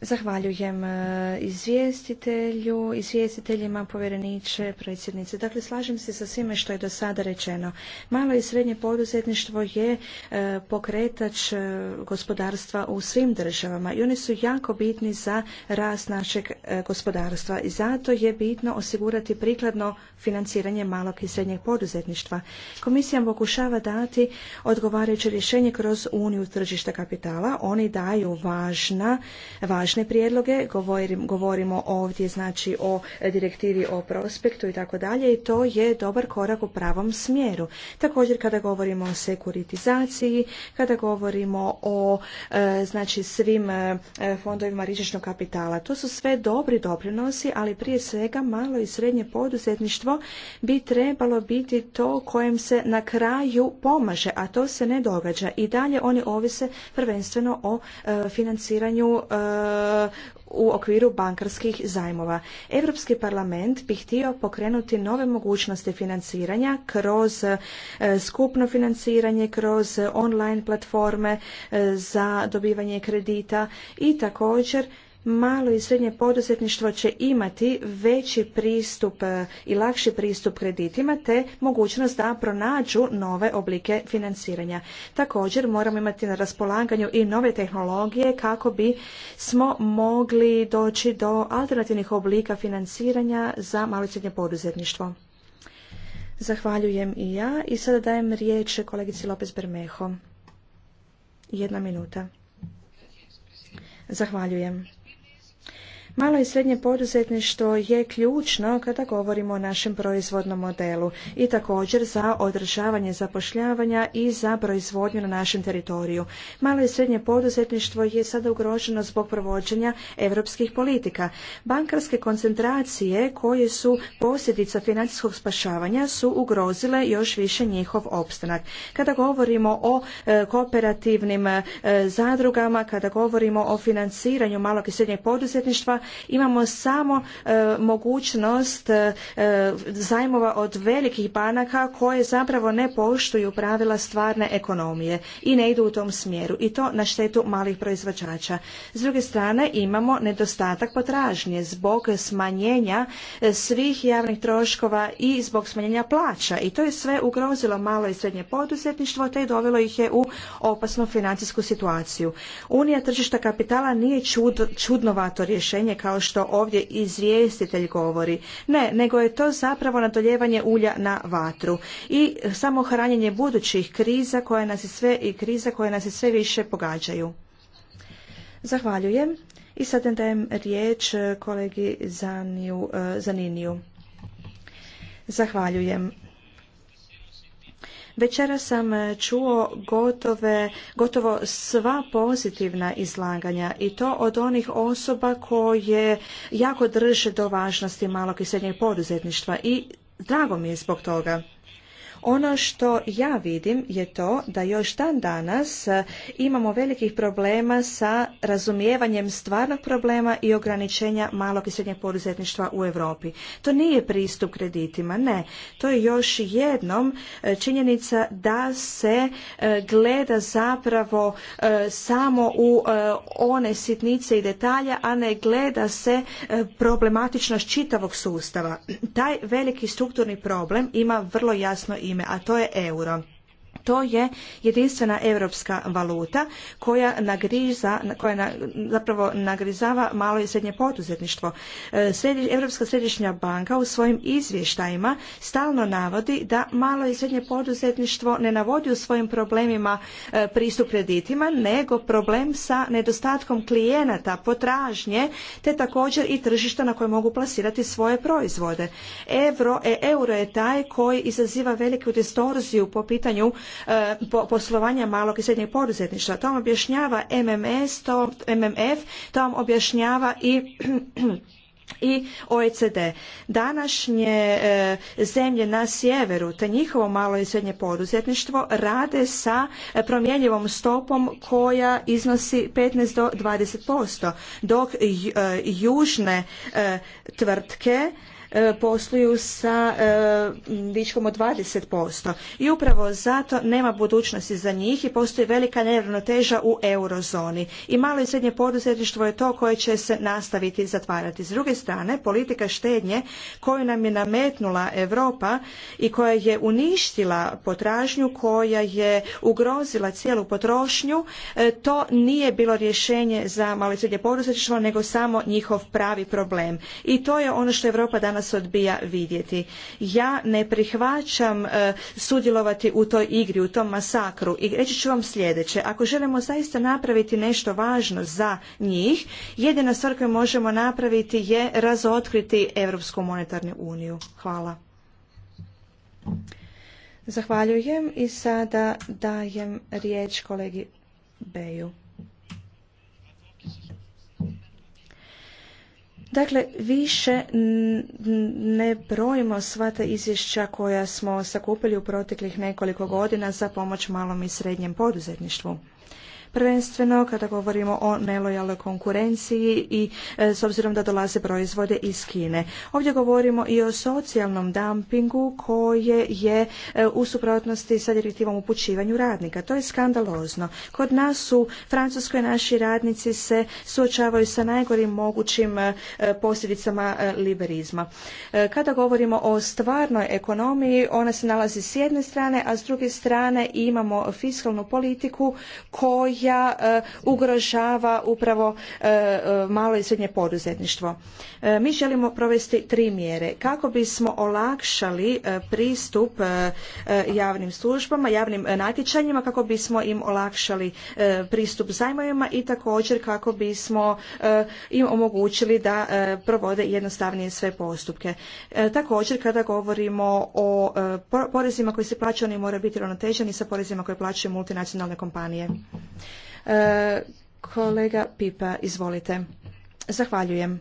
[SPEAKER 2] Zahvaljujem e, izvjestitelju, izvjestiteljima, povjereniče, predsjednice. Dakle, slažem se sa svime što je do sada rečeno. Malo i srednje poduzetništvo je e, pokretač e, gospodarstva u svim državama i oni su jako bitni za rast našeg gospodarstva i zato je bitno osigurati prikladno financiranje malog i srednjeg poduzetništva. Komisija pokušava dati odgovarajuće rješenje kroz Uniju tržišta kapitala. Oni daju važna, važna prijedloge. Govorim, govorimo ovdje znači o direktivi o prospektu i tako dalje i to je dobar korak u pravom smjeru. Također kada govorimo o sekuritizaciji, kada govorimo o e, znači svim e, fondovima rizičnog kapitala, to su sve dobri doprinosi, ali prije svega malo i srednje poduzetništvo bi trebalo biti to kojem se na kraju pomaže, a to se ne događa. I dalje oni ovise prvenstveno o e, financiranju u okviru bankarskih zajmova. Europski parlament bi htio pokrenuti nove mogućnosti financiranja kroz e, skupno financiranje, kroz online platforme e, za dobivanje kredita i također malo i srednje poduzetništvo će imati veći pristup e, i lakši pristup kreditima te mogućnost da pronađu nove oblike financiranja. Također moramo imati na raspolaganju i nove tehnologije kako bi smo mogli doći do alternativnih oblika financiranja za malo i srednje poduzetništvo. Zahvaljujem i ja i sada dajem riječ kolegici Lopez Bermeho. Jedna minuta. Zahvaljujem. Malo i srednje poduzetništvo je ključno kada govorimo o našem proizvodnom modelu i također za održavanje zapošljavanja i za proizvodnju na našem teritoriju. Malo i srednje poduzetništvo je sada ugroženo zbog provođenja europskih politika. Bankarske koncentracije koje su posljedica financijskog spašavanja su ugrozile još više njihov opstanak. Kada govorimo o e, kooperativnim e, zadrugama, kada govorimo o financiranju malog i srednjeg poduzetništva, imamo samo e, mogućnost e, e, zajmova od velikih banaka koje zapravo ne poštuju pravila stvarne ekonomije i ne idu u tom smjeru i to na štetu malih proizvođača. S druge strane imamo nedostatak potražnje zbog smanjenja svih javnih troškova i zbog smanjenja plaća i to je sve ugrozilo malo i srednje poduzetništvo te dovelo ih je u opasnu financijsku situaciju. Unija tržišta kapitala nije čud, čudnovato rješenje kao što ovdje izvjestitelj govori. Ne, nego je to zapravo nadoljevanje ulja na vatru i samo hranjenje budućih kriza koje nas je sve i kriza koje nas sve više pogađaju. Zahvaljujem i sad dajem riječ eh, kolegi Zaniju, eh, Zaniniju. Zahvaljujem. Večera sam e, čuo gotove, gotovo sva pozitivna izlaganja i to od onih osoba koje jako drže do važnosti malog i srednjeg poduzetništva i drago mi je zbog toga. Ono što ja vidim je to da još dan danas e, imamo velikih problema sa razumijevanjem stvarnog problema i ograničenja malog i srednjeg poduzetništva u Europi. To nije pristup kreditima, ne. To je još jednom e, činjenica da se e, gleda zapravo samo u one sitnice i detalje, a ne gleda se problematičnost čitavog sustava. Taj veliki strukturni problem ima vrlo jasno ime, a to je euro to je jedinstvena europska valuta koja nagriza, koja zapravo nagrizava malo i srednje poduzetništvo. E, sredi, Europska središnja banka u svojim izvještajima stalno navodi da malo i srednje poduzetništvo ne navodi u svojim problemima e, pristup kreditima, nego problem sa nedostatkom klijenata, potražnje, te također i tržišta na koje mogu plasirati svoje proizvode. Euro, e, euro je taj koji izaziva veliku distorziju po pitanju E, poslovanja malog i srednjeg poduzetništva. To vam objašnjava MMS, to, MMF, to vam objašnjava i i OECD. Današnje e, zemlje na sjeveru te njihovo malo i srednje poduzetništvo rade sa e, promjenjivom stopom koja iznosi 15 do 20%, dok južne tvrtke E, posluju sa e, viškom od 20%. I upravo zato nema budućnosti za njih i postoji velika neravnoteža u eurozoni. I malo i srednje poduzetništvo je to koje će se nastaviti zatvarati. S druge strane, politika štednje koju nam je nametnula Europa i koja je uništila potražnju, koja je ugrozila cijelu potrošnju, e, to nije bilo rješenje za malo i srednje poduzetništvo, nego samo njihov pravi problem. I to je ono što Europa danas se odbija vidjeti. Ja ne prihvaćam e, sudjelovati u toj igri, u tom masakru i reći ću vam sljedeće. Ako želimo zaista napraviti nešto važno za njih, jedina stvar koju možemo napraviti je razotkriti Europsku monetarnu uniju. Hvala. Zahvaljujem i sada dajem riječ kolegi Beju. Dakle, više ne brojimo sva ta izvješća koja smo sakupili u proteklih nekoliko godina za pomoć malom i srednjem poduzetništvu prvenstveno kada govorimo o nelojalnoj konkurenciji i e, s obzirom da dolaze proizvode iz Kine. Ovdje govorimo i o socijalnom dumpingu koje je e, u suprotnosti sa direktivom upućivanju radnika. To je skandalozno. Kod nas u Francuskoj naši radnici se suočavaju sa najgorim mogućim e, posljedicama liberizma. Kada govorimo o stvarnoj ekonomiji, ona se nalazi s jedne strane, a s druge strane imamo fiskalnu politiku koja ja e, ugrožava upravo e, e, malo i srednje poduzetništvo. Mi želimo provesti tri mjere kako bismo olakšali pristup javnim službama, javnim natječajima, kako bismo im olakšali pristup zajmovima i također kako bismo im omogućili da provode jednostavnije sve postupke. Također kada govorimo o porezima koji se plaćaju, oni moraju biti ravnoteženi sa porezima koje plaćaju multinacionalne kompanije. E, kolega Pipa, izvolite. Zahvaljujem.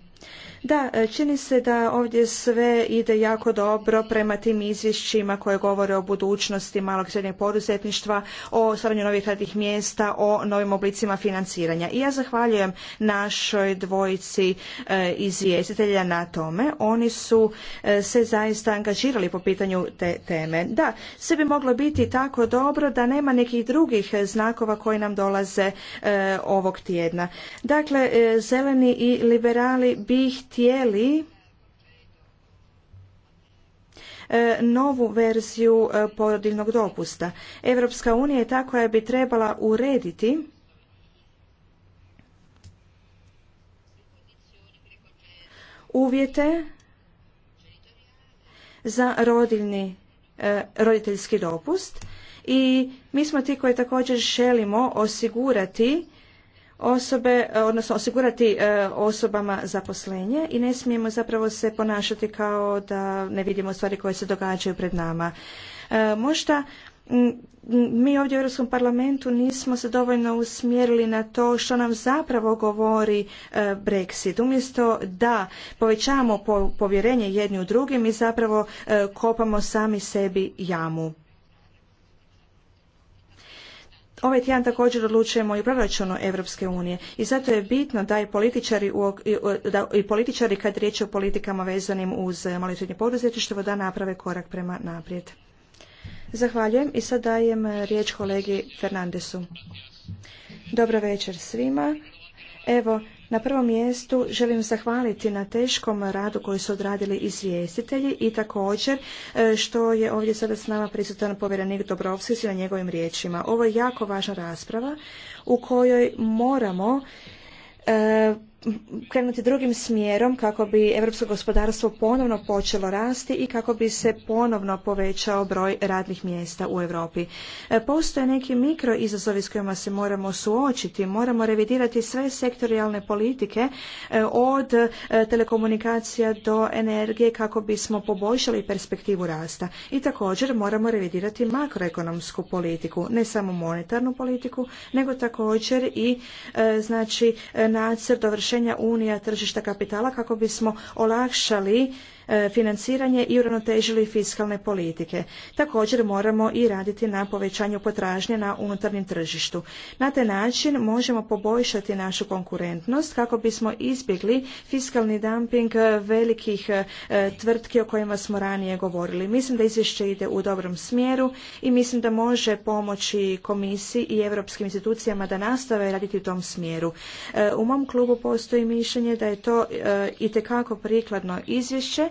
[SPEAKER 2] Da, e, čini se da ovdje sve ide jako dobro prema tim izvješćima koje govore o budućnosti malog srednjeg poduzetništva, o stvaranju novih radnih mjesta, o novim oblicima financiranja. I ja zahvaljujem našoj dvojici e, izvjestitelja na tome. Oni su e, se zaista angažirali po pitanju te teme. Da, sve bi moglo biti tako dobro da nema nekih drugih znakova koji nam dolaze ovog tjedna. Dakle, zeleni i liberali bih htjeli e, novu verziju e, porodiljnog dopusta. Europska unija je ta koja bi trebala urediti uvjete za e, roditeljski dopust i mi smo ti koji također želimo osigurati osobe, e, odnosno osigurati e, osobama zaposlenje i ne smijemo zapravo se ponašati kao da ne vidimo stvari koje se događaju pred nama. E, možda mi ovdje u Europskom parlamentu nismo se dovoljno usmjerili na to što nam zapravo govori Brexit. Umjesto da povećamo povjerenje jedni u drugi, mi zapravo kopamo sami sebi jamu. Ovaj tjedan također odlučujemo i o proračunu Europske unije i zato je bitno da i političari, i političari kad riječ o politikama vezanim uz malo i poduzetništvo da naprave korak prema naprijed. Zahvaljujem i sad dajem riječ kolegi Fernandesu. Dobro večer svima. Evo, na prvom mjestu želim zahvaliti na teškom radu koji su odradili izvjestitelji i također e, što je ovdje sada s nama prisutan povjerenik Dobrovskis i na njegovim riječima. Ovo je jako važna rasprava u kojoj moramo e, krenuti drugim smjerom kako bi europsko gospodarstvo ponovno počelo rasti i kako bi se ponovno povećao broj radnih mjesta u Europi. E, postoje neki mikro izazovi s kojima se moramo suočiti, moramo revidirati sve sektorijalne politike e, od e, telekomunikacija do energije kako bismo poboljšali perspektivu rasta. I također moramo revidirati makroekonomsku politiku, ne samo monetarnu politiku, nego također i znači nacrt dovođenja unija tržišta kapitala kako bismo olakšali E, financiranje i uravnotežili fiskalne politike. Također moramo i raditi na povećanju potražnje na unutarnjem tržištu. Na taj način možemo poboljšati našu konkurentnost kako bismo izbjegli fiskalni dumping velikih e, tvrtki o kojima smo ranije govorili. Mislim da izvješće ide u dobrom smjeru i mislim da može pomoći komisiji i europskim institucijama da nastave raditi u tom smjeru. E, u mom klubu postoji mišljenje da je to itekako prikladno izvješće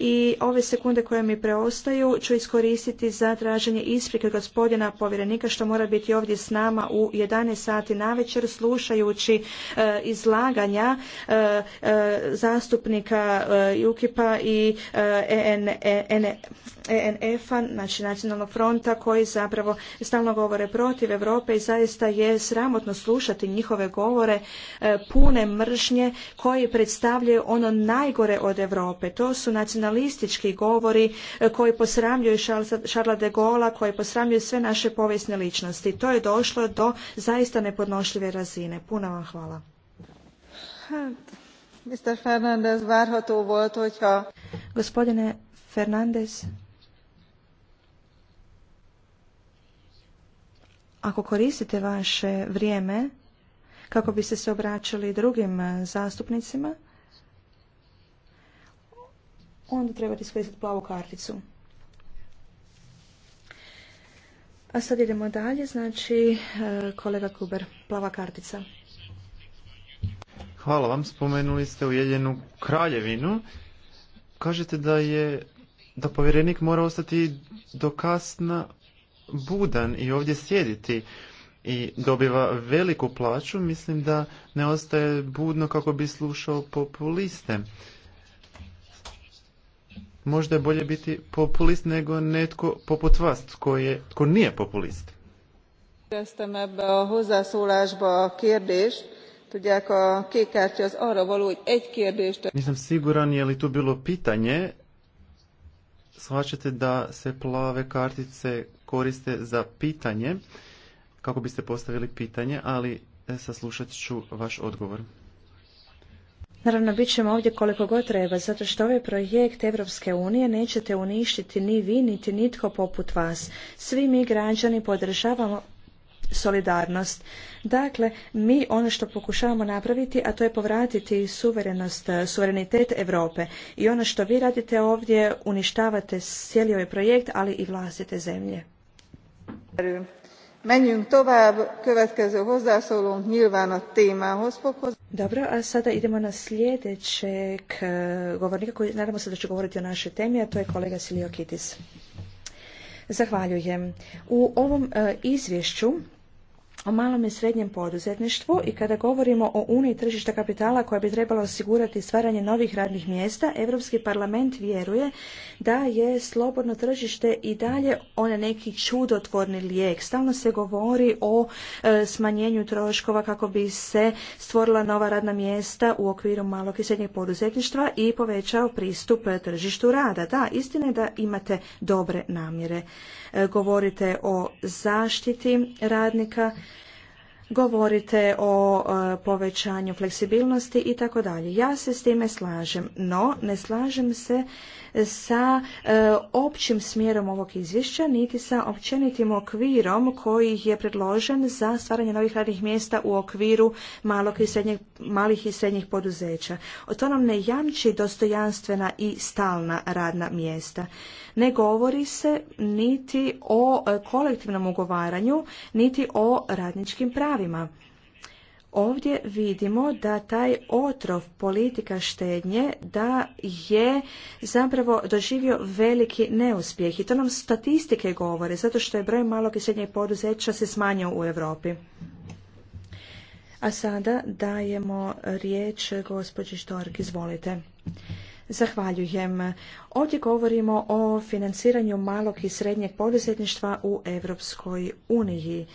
[SPEAKER 2] i ove sekunde koje mi preostaju ću iskoristiti za traženje isprike gospodina povjerenika što mora biti ovdje s nama u 11 sati navečer slušajući e, izlaganja e, e, zastupnika UKIP-a i ENF-a, znači Nacionalnog fronta koji zapravo stalno govore protiv Europe i zaista je sramotno slušati njihove govore pune mržnje koji predstavljaju ono najgore od Europe. To su nacionalni nacionalistički govori e, koji posramljuju Šarla de Gola, koji posramljuju sve naše povijesne ličnosti. To je došlo do zaista nepodnošljive razine. Puno vam hvala. Mr. Fernandez, volt, Gospodine Fernandez, ako koristite vaše vrijeme kako biste se obraćali drugim e, zastupnicima, onda trebate iskoristiti plavu karticu. A sad idemo dalje, znači e, kolega Kuber, plava kartica.
[SPEAKER 3] Hvala vam, spomenuli ste Ujedinjenu kraljevinu. Kažete da je da povjerenik mora ostati do kasna budan i ovdje sjediti i dobiva veliku plaću, mislim da ne ostaje budno kako bi slušao populiste možda je bolje biti populist nego netko poput vas tko, je, tko nije populist.
[SPEAKER 2] Kezdtem ebbe a hozzászólásba a kérdést. Tudják, a kék kártya az arra való, egy kérdést...
[SPEAKER 3] Nisam siguran je li tu bilo pitanje. Shvaćate da se plave kartice koriste za pitanje, kako biste postavili pitanje, ali e, saslušat ću vaš odgovor.
[SPEAKER 2] Naravno, bit ćemo ovdje koliko god treba, zato što ovaj projekt Evropske unije nećete uništiti ni vi, niti nitko poput vas. Svi mi građani podržavamo solidarnost. Dakle, mi ono što pokušavamo napraviti, a to je povratiti suverenost, suverenitet Europe. I ono što vi radite ovdje, uništavate cijeli ovaj projekt, ali i vlastite zemlje. Menjünk tovább, következő hozzászólónk nyilván a témához fog Dobro, a sada idemo na sljedećeg eh, govornika koji nadamo se da će govoriti o našoj temi, a to je kolega Silio Kitis. Zahvaljujem. U ovom eh, izvješću o malom i srednjem poduzetništvu i kada govorimo o uniji tržišta kapitala koja bi trebala osigurati stvaranje novih radnih mjesta, Europski parlament vjeruje da je slobodno tržište i dalje onaj neki čudotvorni lijek. Stalno se govori o e, smanjenju troškova kako bi se stvorila nova radna mjesta u okviru malog i srednjeg poduzetništva i povećao pristup e, tržištu rada. Da, istina je da imate dobre namjere. E, govorite o zaštiti radnika, govorite o e, povećanju fleksibilnosti i tako dalje. Ja se s time slažem, no ne slažem se sa e, općim smjerom ovog izvješća, niti sa općenitim okvirom koji je predložen za stvaranje novih radnih mjesta u okviru malog i malih i srednjih poduzeća. To nam ne jamči dostojanstvena i stalna radna mjesta. Ne govori se niti o e, kolektivnom ugovaranju, niti o radničkim pravima ovdje vidimo da taj otrov politika štednje da je zapravo doživio veliki neuspjeh i to nam statistike govore zato što je broj malog i srednjeg poduzeća se smanjio u Europi. A sada dajemo riječ gospođi Štork, izvolite. Zahvaljujem. Ovdje govorimo o financiranju malog i srednjeg poduzetništva u Europskoj uniji.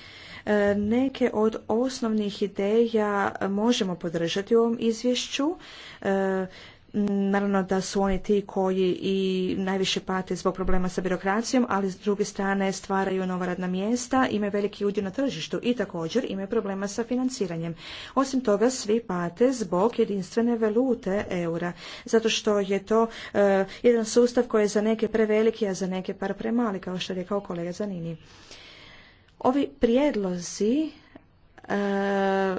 [SPEAKER 2] E, neke od osnovnih ideja možemo podržati u ovom izvješću. E, naravno da su oni ti koji i najviše pate zbog problema sa birokracijom, ali s druge strane stvaraju nova radna mjesta, imaju veliki udio na tržištu i također imaju problema sa financiranjem. Osim toga, svi pate zbog jedinstvene valute eura, zato što je to e, jedan sustav koji je za neke preveliki, a za neke par premali, kao što je rekao kolega Zanini. Ovi prijedlozi E, e,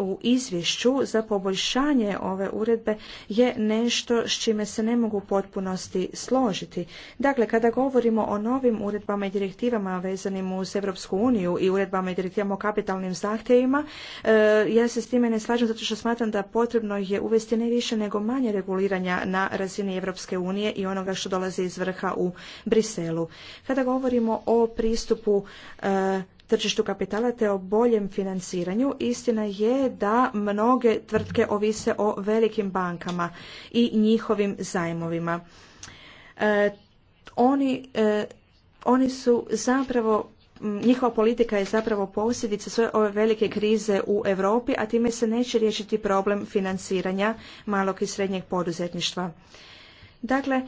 [SPEAKER 2] u izvješću za poboljšanje ove uredbe je nešto s čime se ne mogu u potpunosti složiti. Dakle, kada govorimo o novim uredbama i direktivama vezanim uz Europsku uniju i uredbama i direktivama o kapitalnim zahtjevima, e, ja se s time ne slažem zato što smatram da potrebno je uvesti ne više nego manje reguliranja na razini Europske unije i onoga što dolazi iz vrha u Briselu. Kada govorimo o pristupu tržištu kapitala te o boljem financiranju, istina je da mnoge tvrtke ovise o velikim bankama i njihovim zajmovima. E, oni, e, oni su zapravo njihova politika je zapravo posljedica sve ove velike krize u Europi, a time se neće riješiti problem financiranja malog i srednjeg poduzetništva. Dakle,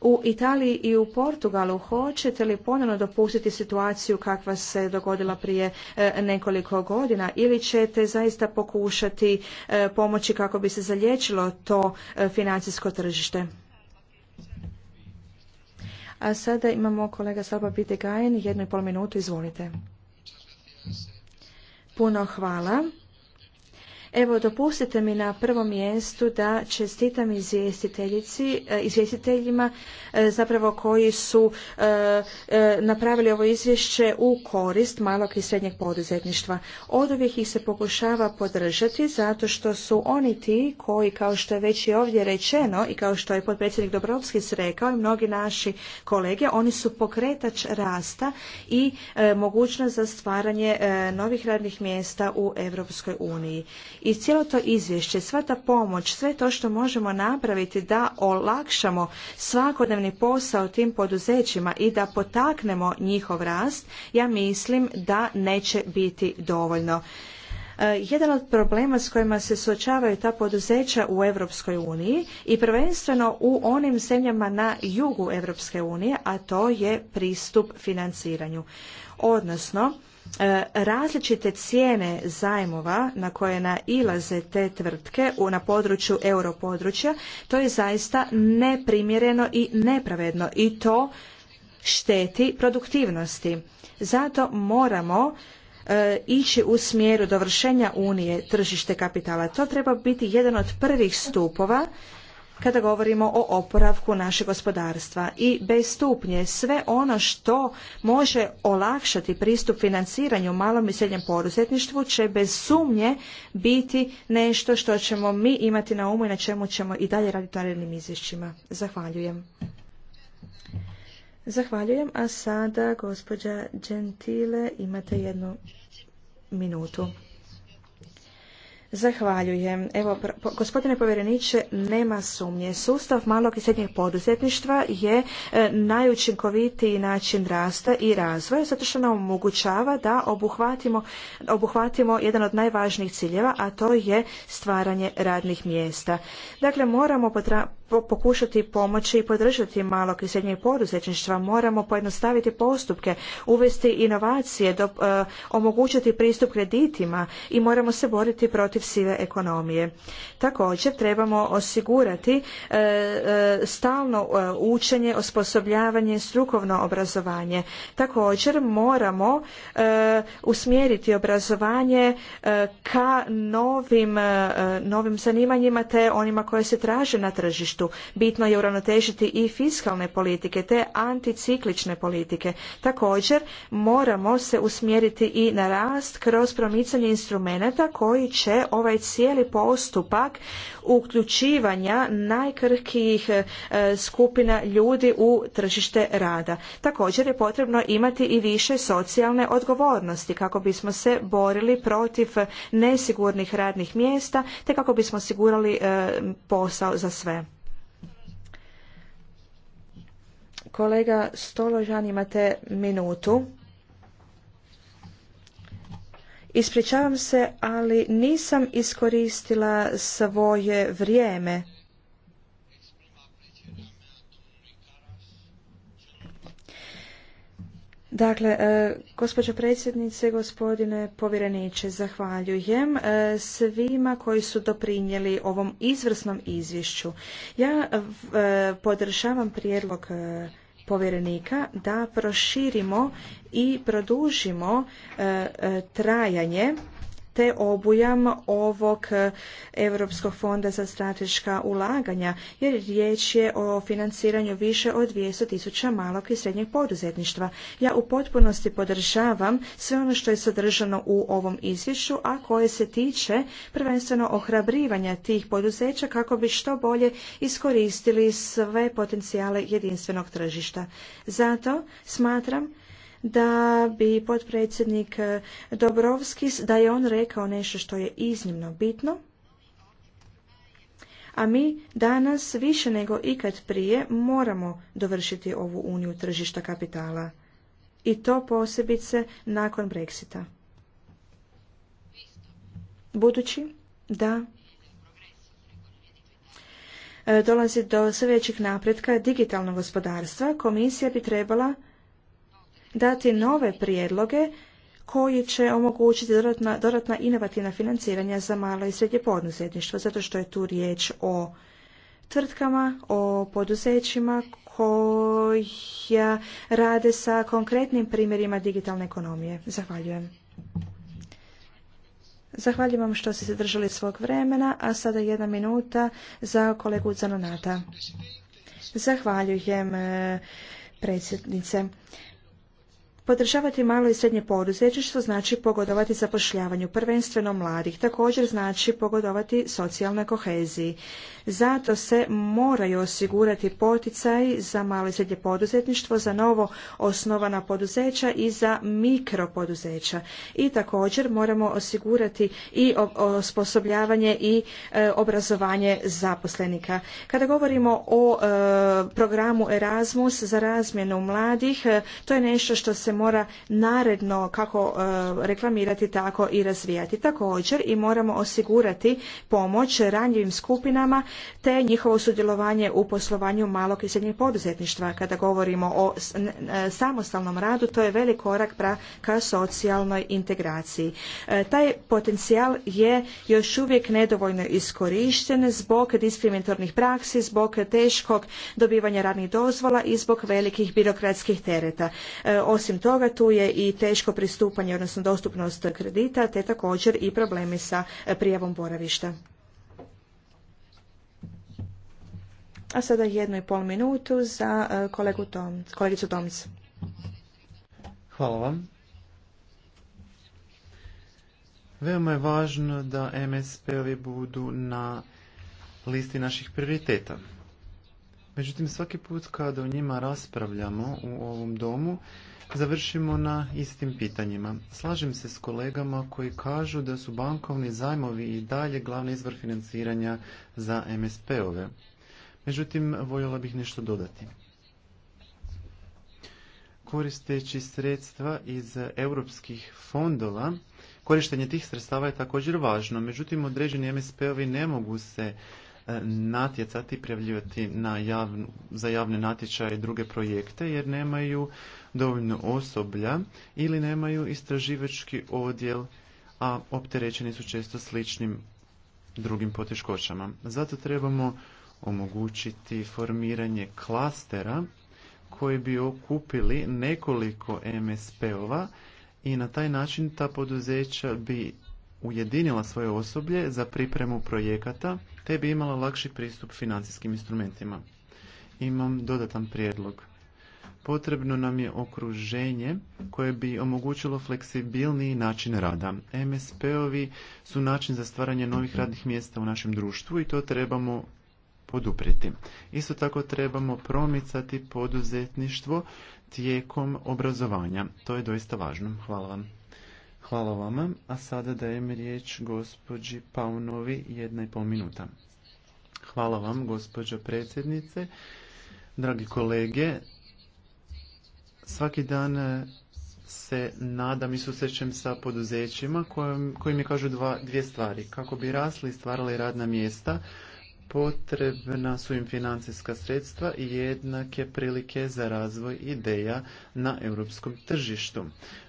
[SPEAKER 2] u Italiji i u Portugalu hoćete li ponovno dopustiti situaciju kakva se dogodila prije e, nekoliko godina ili ćete zaista pokušati e, pomoći kako bi se zalječilo to e, financijsko tržište? A sada imamo kolega Slaba Bitegajen, jednu i pol minutu, izvolite. Puno hvala. Evo, dopustite mi na prvom mjestu da čestitam izvjestiteljici, e, izvjestiteljima e, zapravo koji su e, napravili ovo izvješće u korist malog i srednjeg poduzetništva. Od uvijek ih se pokušava podržati zato što su oni ti koji, kao što je već i ovdje rečeno i kao što je potpredsjednik Dobrovski rekao i mnogi naši kolege, oni su pokretač rasta i mogućnost za stvaranje novih radnih mjesta u Europskoj uniji i cijelo to izvješće, sva ta pomoć, sve to što možemo napraviti da olakšamo svakodnevni posao tim poduzećima i da potaknemo njihov rast, ja mislim da neće biti dovoljno. E, jedan od problema s kojima se suočavaju ta poduzeća u Europskoj uniji i prvenstveno u onim zemljama na jugu Europske unije, a to je pristup financiranju. Odnosno, E, različite cijene zajmova na koje nailaze te tvrtke na području europodručja, to je zaista neprimjereno i nepravedno i to šteti produktivnosti. Zato moramo e, ići u smjeru dovršenja unije tržište kapitala. To treba biti jedan od prvih stupova kada govorimo o oporavku našeg gospodarstva i bez stupnje sve ono što može olakšati pristup financiranju malom i srednjem poduzetništvu će bez sumnje biti nešto što ćemo mi imati na umu i na čemu ćemo i dalje raditi narednim izvješćima. Zahvaljujem. Zahvaljujem, a sada gospođa Gentile imate jednu minutu. Zahvaljujem. Evo, gospodine povjereniče, nema sumnje. Sustav malog i srednjeg poduzetništva je e, najučinkovitiji način rasta i razvoja, zato što nam omogućava da obuhvatimo, obuhvatimo jedan od najvažnijih ciljeva, a to je stvaranje radnih mjesta. Dakle, moramo potra pokušati pomoći i podržati malog i srednjeg poduzetništva. Moramo pojednostaviti postupke, uvesti inovacije, e, omogućiti pristup kreditima i moramo se boriti protiv sive ekonomije. Također trebamo osigurati e, e, stalno učenje, osposobljavanje, strukovno obrazovanje. Također moramo usmjeriti obrazovanje ka novim, novim zanimanjima te onima koje se traže na tržištu Bitno je uravnotežiti i fiskalne politike te anticiklične politike. Također moramo se usmjeriti i na rast kroz promicanje instrumenata koji će ovaj cijeli postupak uključivanja najkrhkijih e, skupina ljudi u tržište rada. Također je potrebno imati i više socijalne odgovornosti kako bismo se borili protiv nesigurnih radnih mjesta te kako bismo osigurali e, posao za sve. Kolega Stoložan, imate minutu. Ispričavam se, ali nisam iskoristila svoje vrijeme. Dakle, e, gospođo predsjednice, gospodine povjereniče, zahvaljujem e, svima koji su doprinijeli ovom izvrsnom izvješću. Ja e, podržavam prijedlog povjerenika da proširimo i produžimo trajanje te obujam ovog Europskog fonda za strateška ulaganja, jer riječ je o financiranju više od 200 tisuća malog i srednjeg poduzetništva. Ja u potpunosti podržavam sve ono što je sadržano u ovom izvješću, a koje se tiče prvenstveno ohrabrivanja tih poduzeća kako bi što bolje iskoristili sve potencijale jedinstvenog tržišta. Zato smatram da bi potpredsjednik Dobrovski da je on rekao nešto što je iznimno bitno, a mi danas više nego ikad prije moramo dovršiti ovu uniju tržišta kapitala. I to posebice nakon Brexita. Budući da dolazi do sve većih napretka digitalnog gospodarstva, komisija bi trebala dati nove prijedloge koji će omogućiti dodatna, dodatna inovativna financiranja za malo i srednje poduzetništvo, zato što je tu riječ o tvrtkama, o poduzećima koja rade sa konkretnim primjerima digitalne ekonomije. Zahvaljujem. Zahvaljujem vam što ste se držali svog vremena, a sada jedna minuta za kolegu Zanonata. Zahvaljujem eh, predsjednice. Podržavati malo i srednje poduzeće znači pogodovati zapošljavanju, prvenstveno mladih, također znači pogodovati socijalnoj koheziji. Zato se moraju osigurati poticaji za malo i srednje poduzetništvo, za novo osnovana poduzeća i za mikropoduzeća. I također moramo osigurati i osposobljavanje i e, obrazovanje zaposlenika. Kada govorimo o e, programu Erasmus za razmjenu mladih, e, to je nešto što se mora naredno kako reklamirati tako i razvijati. Također i moramo osigurati pomoć ranjivim skupinama te njihovo sudjelovanje u poslovanju malog i srednjeg poduzetništva. Kada govorimo o samostalnom radu, to je velik korak pra ka socijalnoj integraciji. E, taj potencijal je još uvijek nedovoljno iskorišten zbog diskriminatornih praksi, zbog teškog dobivanja radnih dozvola i zbog velikih birokratskih tereta. E, osim toga, tu je i teško pristupanje, odnosno dostupnost kredita, te također i problemi sa e, prijavom boravišta. A sada jednu i pol minutu za e, kolegu Tom, kolegicu Tomic.
[SPEAKER 3] Hvala vam. Veoma je važno da MSP-ovi budu na listi naših prioriteta. Međutim, svaki put kada o njima raspravljamo u ovom domu, završimo na istim pitanjima. Slažem se s kolegama koji kažu da su bankovni zajmovi i dalje glavni izvor financiranja za MSP-ove. Međutim, voljela bih nešto dodati. Koristeći sredstva iz europskih fondova, korištenje tih sredstava je također važno. Međutim, određeni MSP-ovi ne mogu se e, natjecati, prijavljivati na za javne natječaje i druge projekte jer nemaju dovoljno osoblja ili nemaju istraživački odjel, a opterećeni su često sličnim drugim poteškoćama. Zato trebamo omogućiti formiranje klastera koji bi okupili nekoliko MSP-ova i na taj način ta poduzeća bi ujedinila svoje osoblje za pripremu projekata te bi imala lakši pristup financijskim instrumentima. Imam dodatan prijedlog. Potrebno nam je okruženje koje bi omogućilo fleksibilniji način rada. MSP-ovi su način za stvaranje novih radnih mjesta u našem društvu i to trebamo poduprijeti. Isto tako trebamo promicati poduzetništvo tijekom obrazovanja. To je doista važno. Hvala vam. Hvala vama. A sada dajem riječ gospođi Paunovi jedna i pol minuta. Hvala vam gospođo predsjednice. Dragi kolege, svaki dan eh, se nadam i susrećem sa poduzećima koji mi kažu dva, dvije stvari. Kako bi rasli i stvarali radna mjesta, potrebna su im financijska sredstva i jednake prilike za razvoj ideja na europskom tržištu.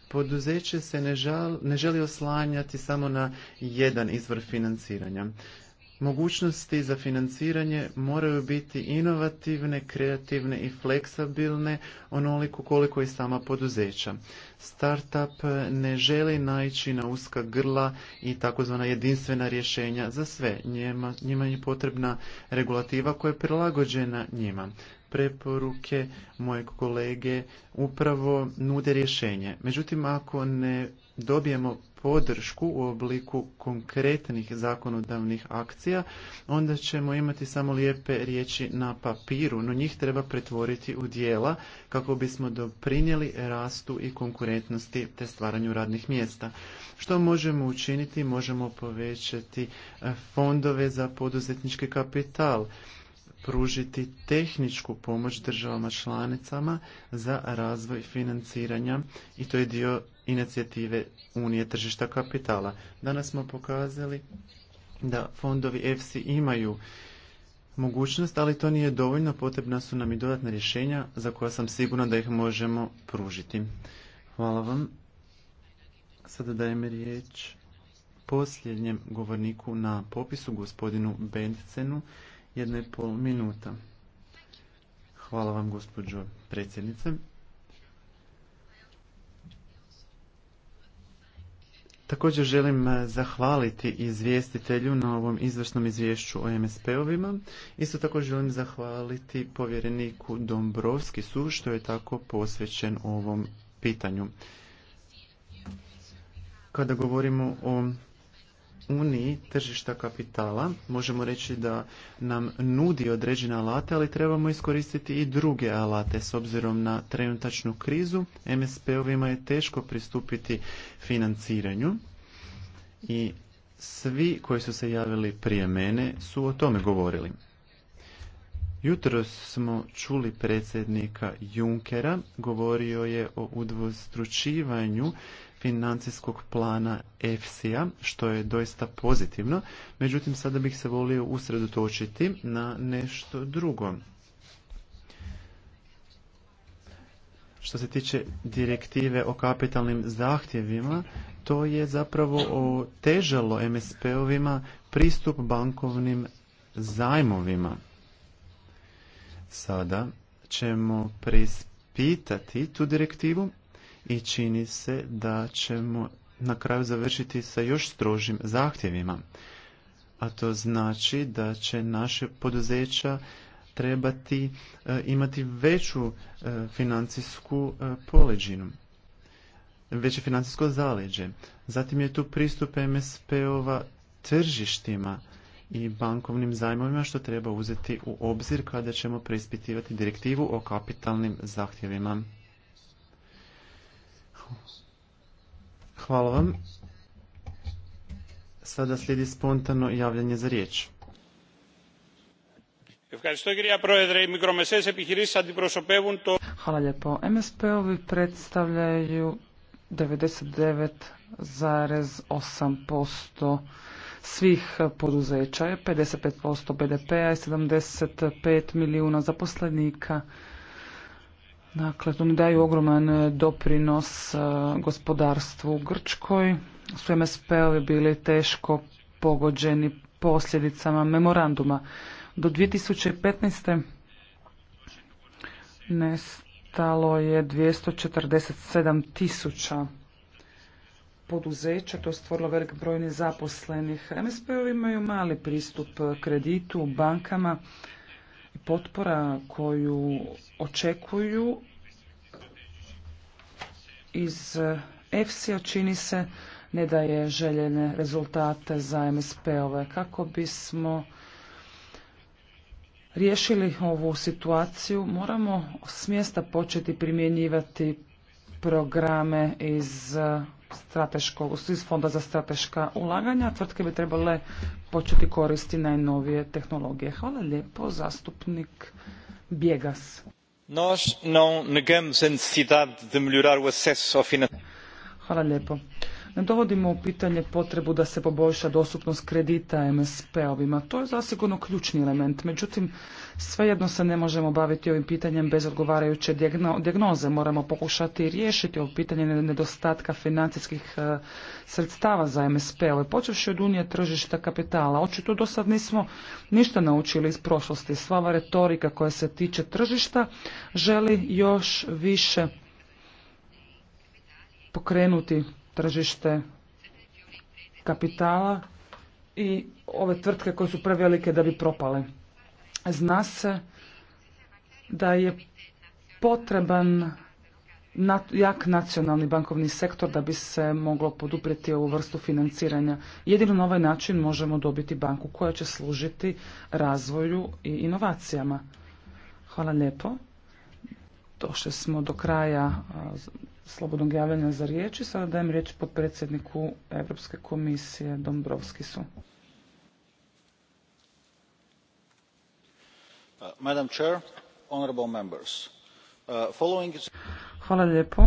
[SPEAKER 3] Poduzeće se ne, ne želi oslanjati samo na jedan izvor financiranja. Mogućnosti za financiranje moraju biti inovativne, kreativne i fleksibilne onoliko koliko i sama poduzeća. Startup ne želi naći na uska grla i takozvana jedinstvena rješenja za sve. Njima, njima je potrebna regulativa koja je prilagođena njima preporuke moje kolege upravo nude rješenje. Međutim, ako ne dobijemo podršku u obliku konkretnih zakonodavnih akcija, onda ćemo imati samo lijepe riječi na papiru, no njih treba pretvoriti u dijela kako bismo doprinijeli rastu i konkurentnosti te stvaranju radnih mjesta. Što možemo učiniti? Možemo povećati e, fondove za poduzetnički kapital, pružiti tehničku pomoć državama članicama za razvoj financiranja i to je dio inicijative Unije tržišta kapitala. Danas smo pokazali da fondovi EFSI imaju mogućnost, ali to nije dovoljno. Potrebna su nam i dodatna rješenja za koja sam sigurna da ih možemo pružiti. Hvala vam. Sada dajem riječ posljednjem govorniku na popisu, gospodinu Bendcenu, jedna i pol minuta. Hvala vam, gospođo predsjednice. Također želim e, zahvaliti izvjestitelju na ovom izvršnom izvješću o MSP-ovima. Isto tako želim zahvaliti povjereniku Dombrovski su što je tako posvećen ovom pitanju. Kada govorimo o uniji tržišta kapitala možemo reći da nam nudi određene alate, ali trebamo iskoristiti i druge alate. S obzirom na trenutačnu krizu, MSP-ovima je teško pristupiti financiranju i svi koji su se javili prije mene su o tome govorili. Jutro smo čuli predsjednika Junkera, govorio je o udvostručivanju financijskog plana EFSI-a, što je doista pozitivno. Međutim, sada bih se volio usredotočiti na nešto drugo. Što se tiče direktive o kapitalnim zahtjevima, to je zapravo otežalo MSP-ovima pristup bankovnim zajmovima. Sada ćemo prispitati tu direktivu i čini se da ćemo na kraju završiti sa još strožim zahtjevima. A to znači da će naše poduzeća trebati e, imati veću e, financijsku e, poleđinu, veće financijsko zaleđe. Zatim je tu pristup MSP-ova tržištima i bankovnim zajmovima što treba uzeti u obzir kada ćemo preispitivati direktivu o kapitalnim zahtjevima. Hvala vam. Sada slijedi spontano javljanje za riječ.
[SPEAKER 1] Hvala lijepo. MSP-ovi predstavljaju 99,8% svih poduzeća, 55% BDP-a i 75 milijuna zaposlenika. Dakle, oni daju ogroman e, doprinos e, gospodarstvu u Grčkoj. Su MSP-ovi bili teško pogođeni posljedicama memoranduma. Do 2015. nestalo je 247 tisuća poduzeća, to je stvorilo velik broj nezaposlenih. MSP-ovi imaju mali pristup kreditu u bankama, potpora koju očekuju iz EFSI-a čini se ne daje željene rezultate za MSP-ove. Kako bismo riješili ovu situaciju, moramo s mjesta početi primjenjivati programe iz strateškog, iz fonda za strateška ulaganja. Tvrtke bi trebale početi koristi najnovije tehnologije. Hvala lijepo, zastupnik Bjegas.
[SPEAKER 3] Nós não negamos a necessidade de melhorar o acesso
[SPEAKER 1] Hvala lijepo. Ne dovodimo u pitanje potrebu da se poboljša dostupnost kredita MSP-ovima. To je zasigurno ključni element. Međutim, svejedno se ne možemo baviti ovim pitanjem bez odgovarajuće dijagnoze. Moramo pokušati riješiti ovo pitanje nedostatka financijskih e, sredstava za MSP-ove. Počevši od unije tržišta kapitala. Očito do sad nismo ništa naučili iz prošlosti. Sva ova retorika koja se tiče tržišta želi još više pokrenuti tržište kapitala i ove tvrtke koje su prevelike da bi propale. Zna se da je potreban jak nacionalni bankovni sektor da bi se moglo poduprijeti ovu vrstu financiranja. Jedino na ovaj način možemo dobiti banku koja će služiti razvoju i inovacijama. Hvala lijepo. Došli smo do kraja slobodnog javljanja za riječ i sada dajem riječ potpredsjedniku Europske komisije Dombrovskisu. Uh, Madam uh, Hvala lijepo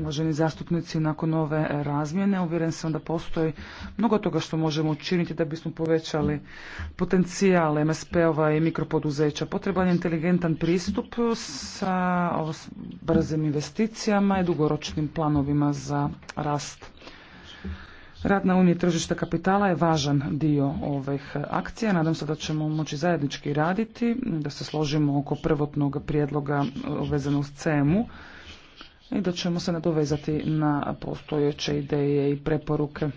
[SPEAKER 1] uvaženi zastupnici, nakon ove razmjene uvjeren sam da postoji mnogo toga što možemo učiniti da bismo povećali potencijal MSP-ova i mikropoduzeća. Potreban je inteligentan pristup sa brzim investicijama i dugoročnim planovima za rast. Rad na uniji tržišta kapitala je važan dio ovih akcija. Nadam se da ćemo moći zajednički raditi, da se složimo oko prvotnog prijedloga vezano uz CEMU i da ćemo se nadovezati na postojeće ideje i preporuke.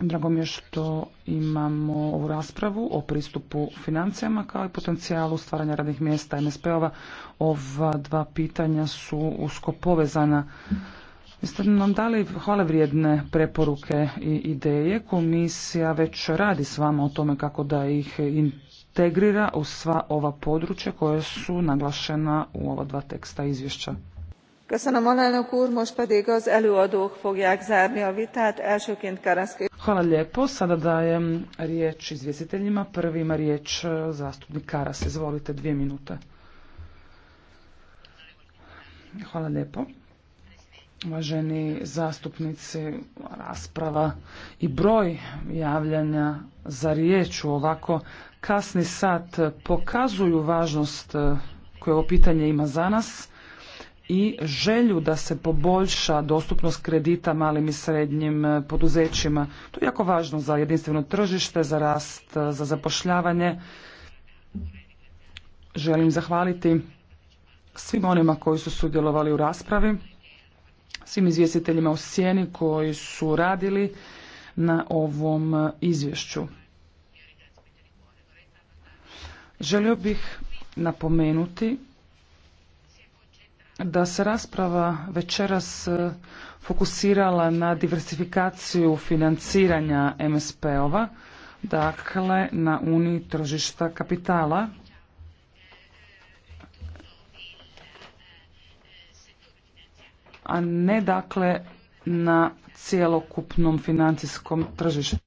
[SPEAKER 1] Drago mi je što imamo ovu raspravu o pristupu financijama kao i potencijalu stvaranja radnih mjesta MSP-ova. Ova dva pitanja su usko povezana. Jeste nam dali hvale vrijedne preporuke i ideje. Komisija već radi s vama o tome kako da ih integrira u sva ova područja koja su naglašena u ova dva teksta izvješća.
[SPEAKER 2] Hvala lijepo.
[SPEAKER 1] Sada dajem riječ izvjestiteljima. Prvi ima riječ e, zastupnik Karas. Izvolite dvije minute. Hvala lijepo. Uvaženi zastupnici, rasprava i broj javljanja za riječ u ovako kasni sat pokazuju važnost e, koje ovo pitanje ima za nas i želju da se poboljša dostupnost kredita malim i srednjim eh, poduzećima. To je jako važno za jedinstveno tržište, za rast, eh, za zapošljavanje. Želim zahvaliti svim onima koji su sudjelovali u raspravi, svim izvjestiteljima u sjeni koji su radili na ovom eh, izvješću. Želio bih napomenuti da se rasprava večeras e, fokusirala na diversifikaciju financiranja MSP-ova, dakle na uniji tržišta kapitala. a ne dakle na cjelokupnom financijskom tržištu.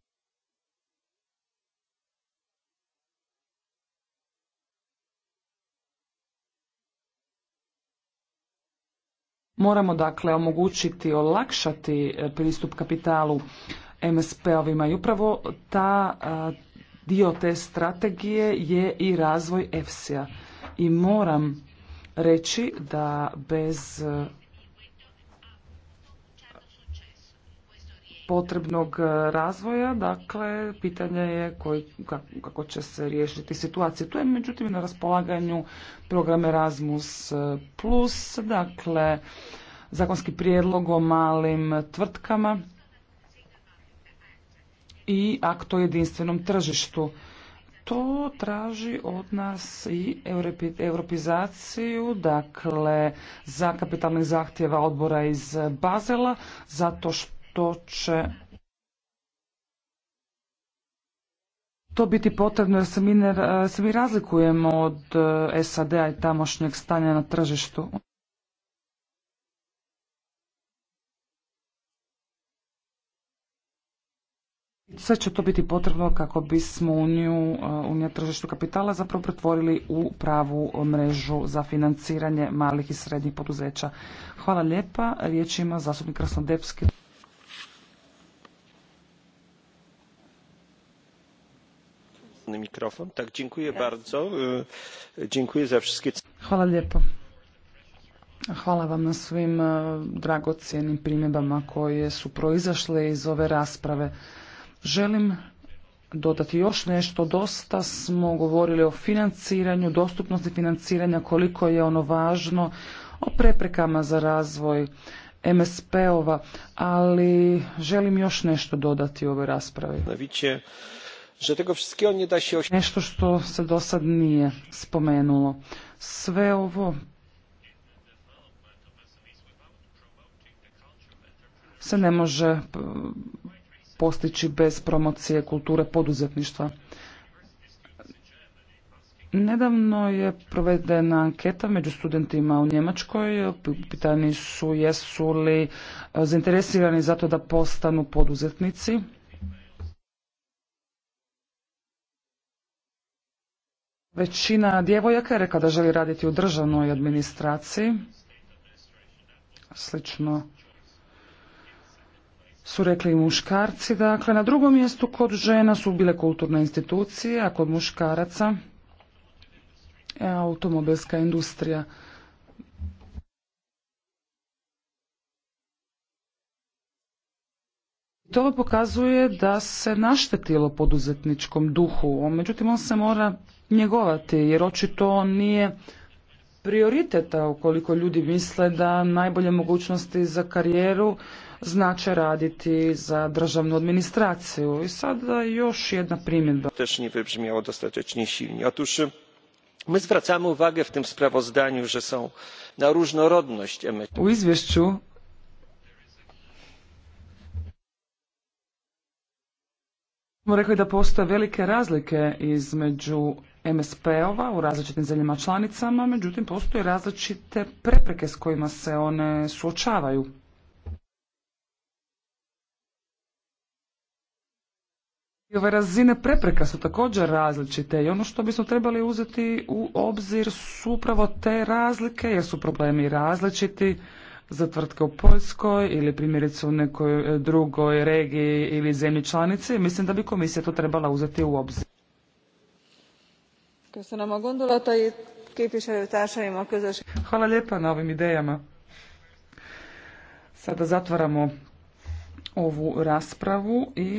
[SPEAKER 1] Moramo dakle omogućiti, olakšati e, pristup kapitalu MSP-ovima i upravo ta dio te strategije je i razvoj EFSI-a. I moram reći da bez e, potrebnog e, razvoja, dakle pitanje je koji, kako će se riješiti situacija. Tu je međutim na raspolaganju program Erasmus+, e, plus, dakle zakonski prijedlog o malim tvrtkama i akt o jedinstvenom tržištu. To traži od nas i europizaciju, dakle za kapitalnih zahtjeva odbora iz Bazela, zato što što će to biti potrebno jer se mi, se mi razlikujemo od e, SAD-a i tamošnjeg stanja na tržištu. Sve će to biti potrebno kako bismo Uniju, e, Unija tržištu kapitala zapravo pretvorili u pravu mrežu za financiranje malih i srednjih poduzeća. Hvala lijepa. Riječ ima zastupnik Krasnodepski. mikrofon. Hvala vam na svim e, dragocjenim primjedbama koje su proizašle iz ove rasprave. Želim dodati još nešto. Dosta smo govorili o financiranju, dostupnosti financiranja, koliko je ono važno, o preprekama za razvoj MSP-ova, ali želim još nešto dodati u ovoj raspravi
[SPEAKER 3] że tego wszystkiego nie da się
[SPEAKER 1] Nešto što se do nije spomenulo. Sve ovo se ne može e, postići bez promocije kulture poduzetništva. Nedavno je provedena anketa među studentima u Njemačkoj. Pitani su jesu li e, zainteresirani za to da postanu poduzetnici. Većina djevojaka je rekla da želi raditi u državnoj administraciji. Slično su rekli i muškarci. Dakle, na drugom mjestu kod žena su bile kulturne institucije, a kod muškaraca e, automobilska industrija. To pokazuje da se naštetilo poduzetničkom duhu, međutim on se mora njegovati, jer očito nije prioriteta ukoliko ljudi misle da najbolje mogućnosti za karijeru znače raditi za državnu administraciju. I sada još jedna primjedba. Też nie wybrzmiało dostatecznie silnie. Otóż e, my zwracamy uwagę w tym sprawozdaniu, że są na różnorodność U izvješću smo rekli da postoje velike razlike između MSP-ova u različitim zemljama članicama, međutim postoje različite prepreke s kojima se one suočavaju. I ove razine prepreka su također različite i ono što bismo trebali uzeti u obzir su upravo te razlike jer su problemi različiti za tvrtke u Poljskoj ili primjerice u nekoj drugoj regiji ili zemlji članici. Mislim da bi komisija to trebala uzeti u obzir. Hvala lijepa na ovim idejama. Sada zatvaramo ovu raspravu i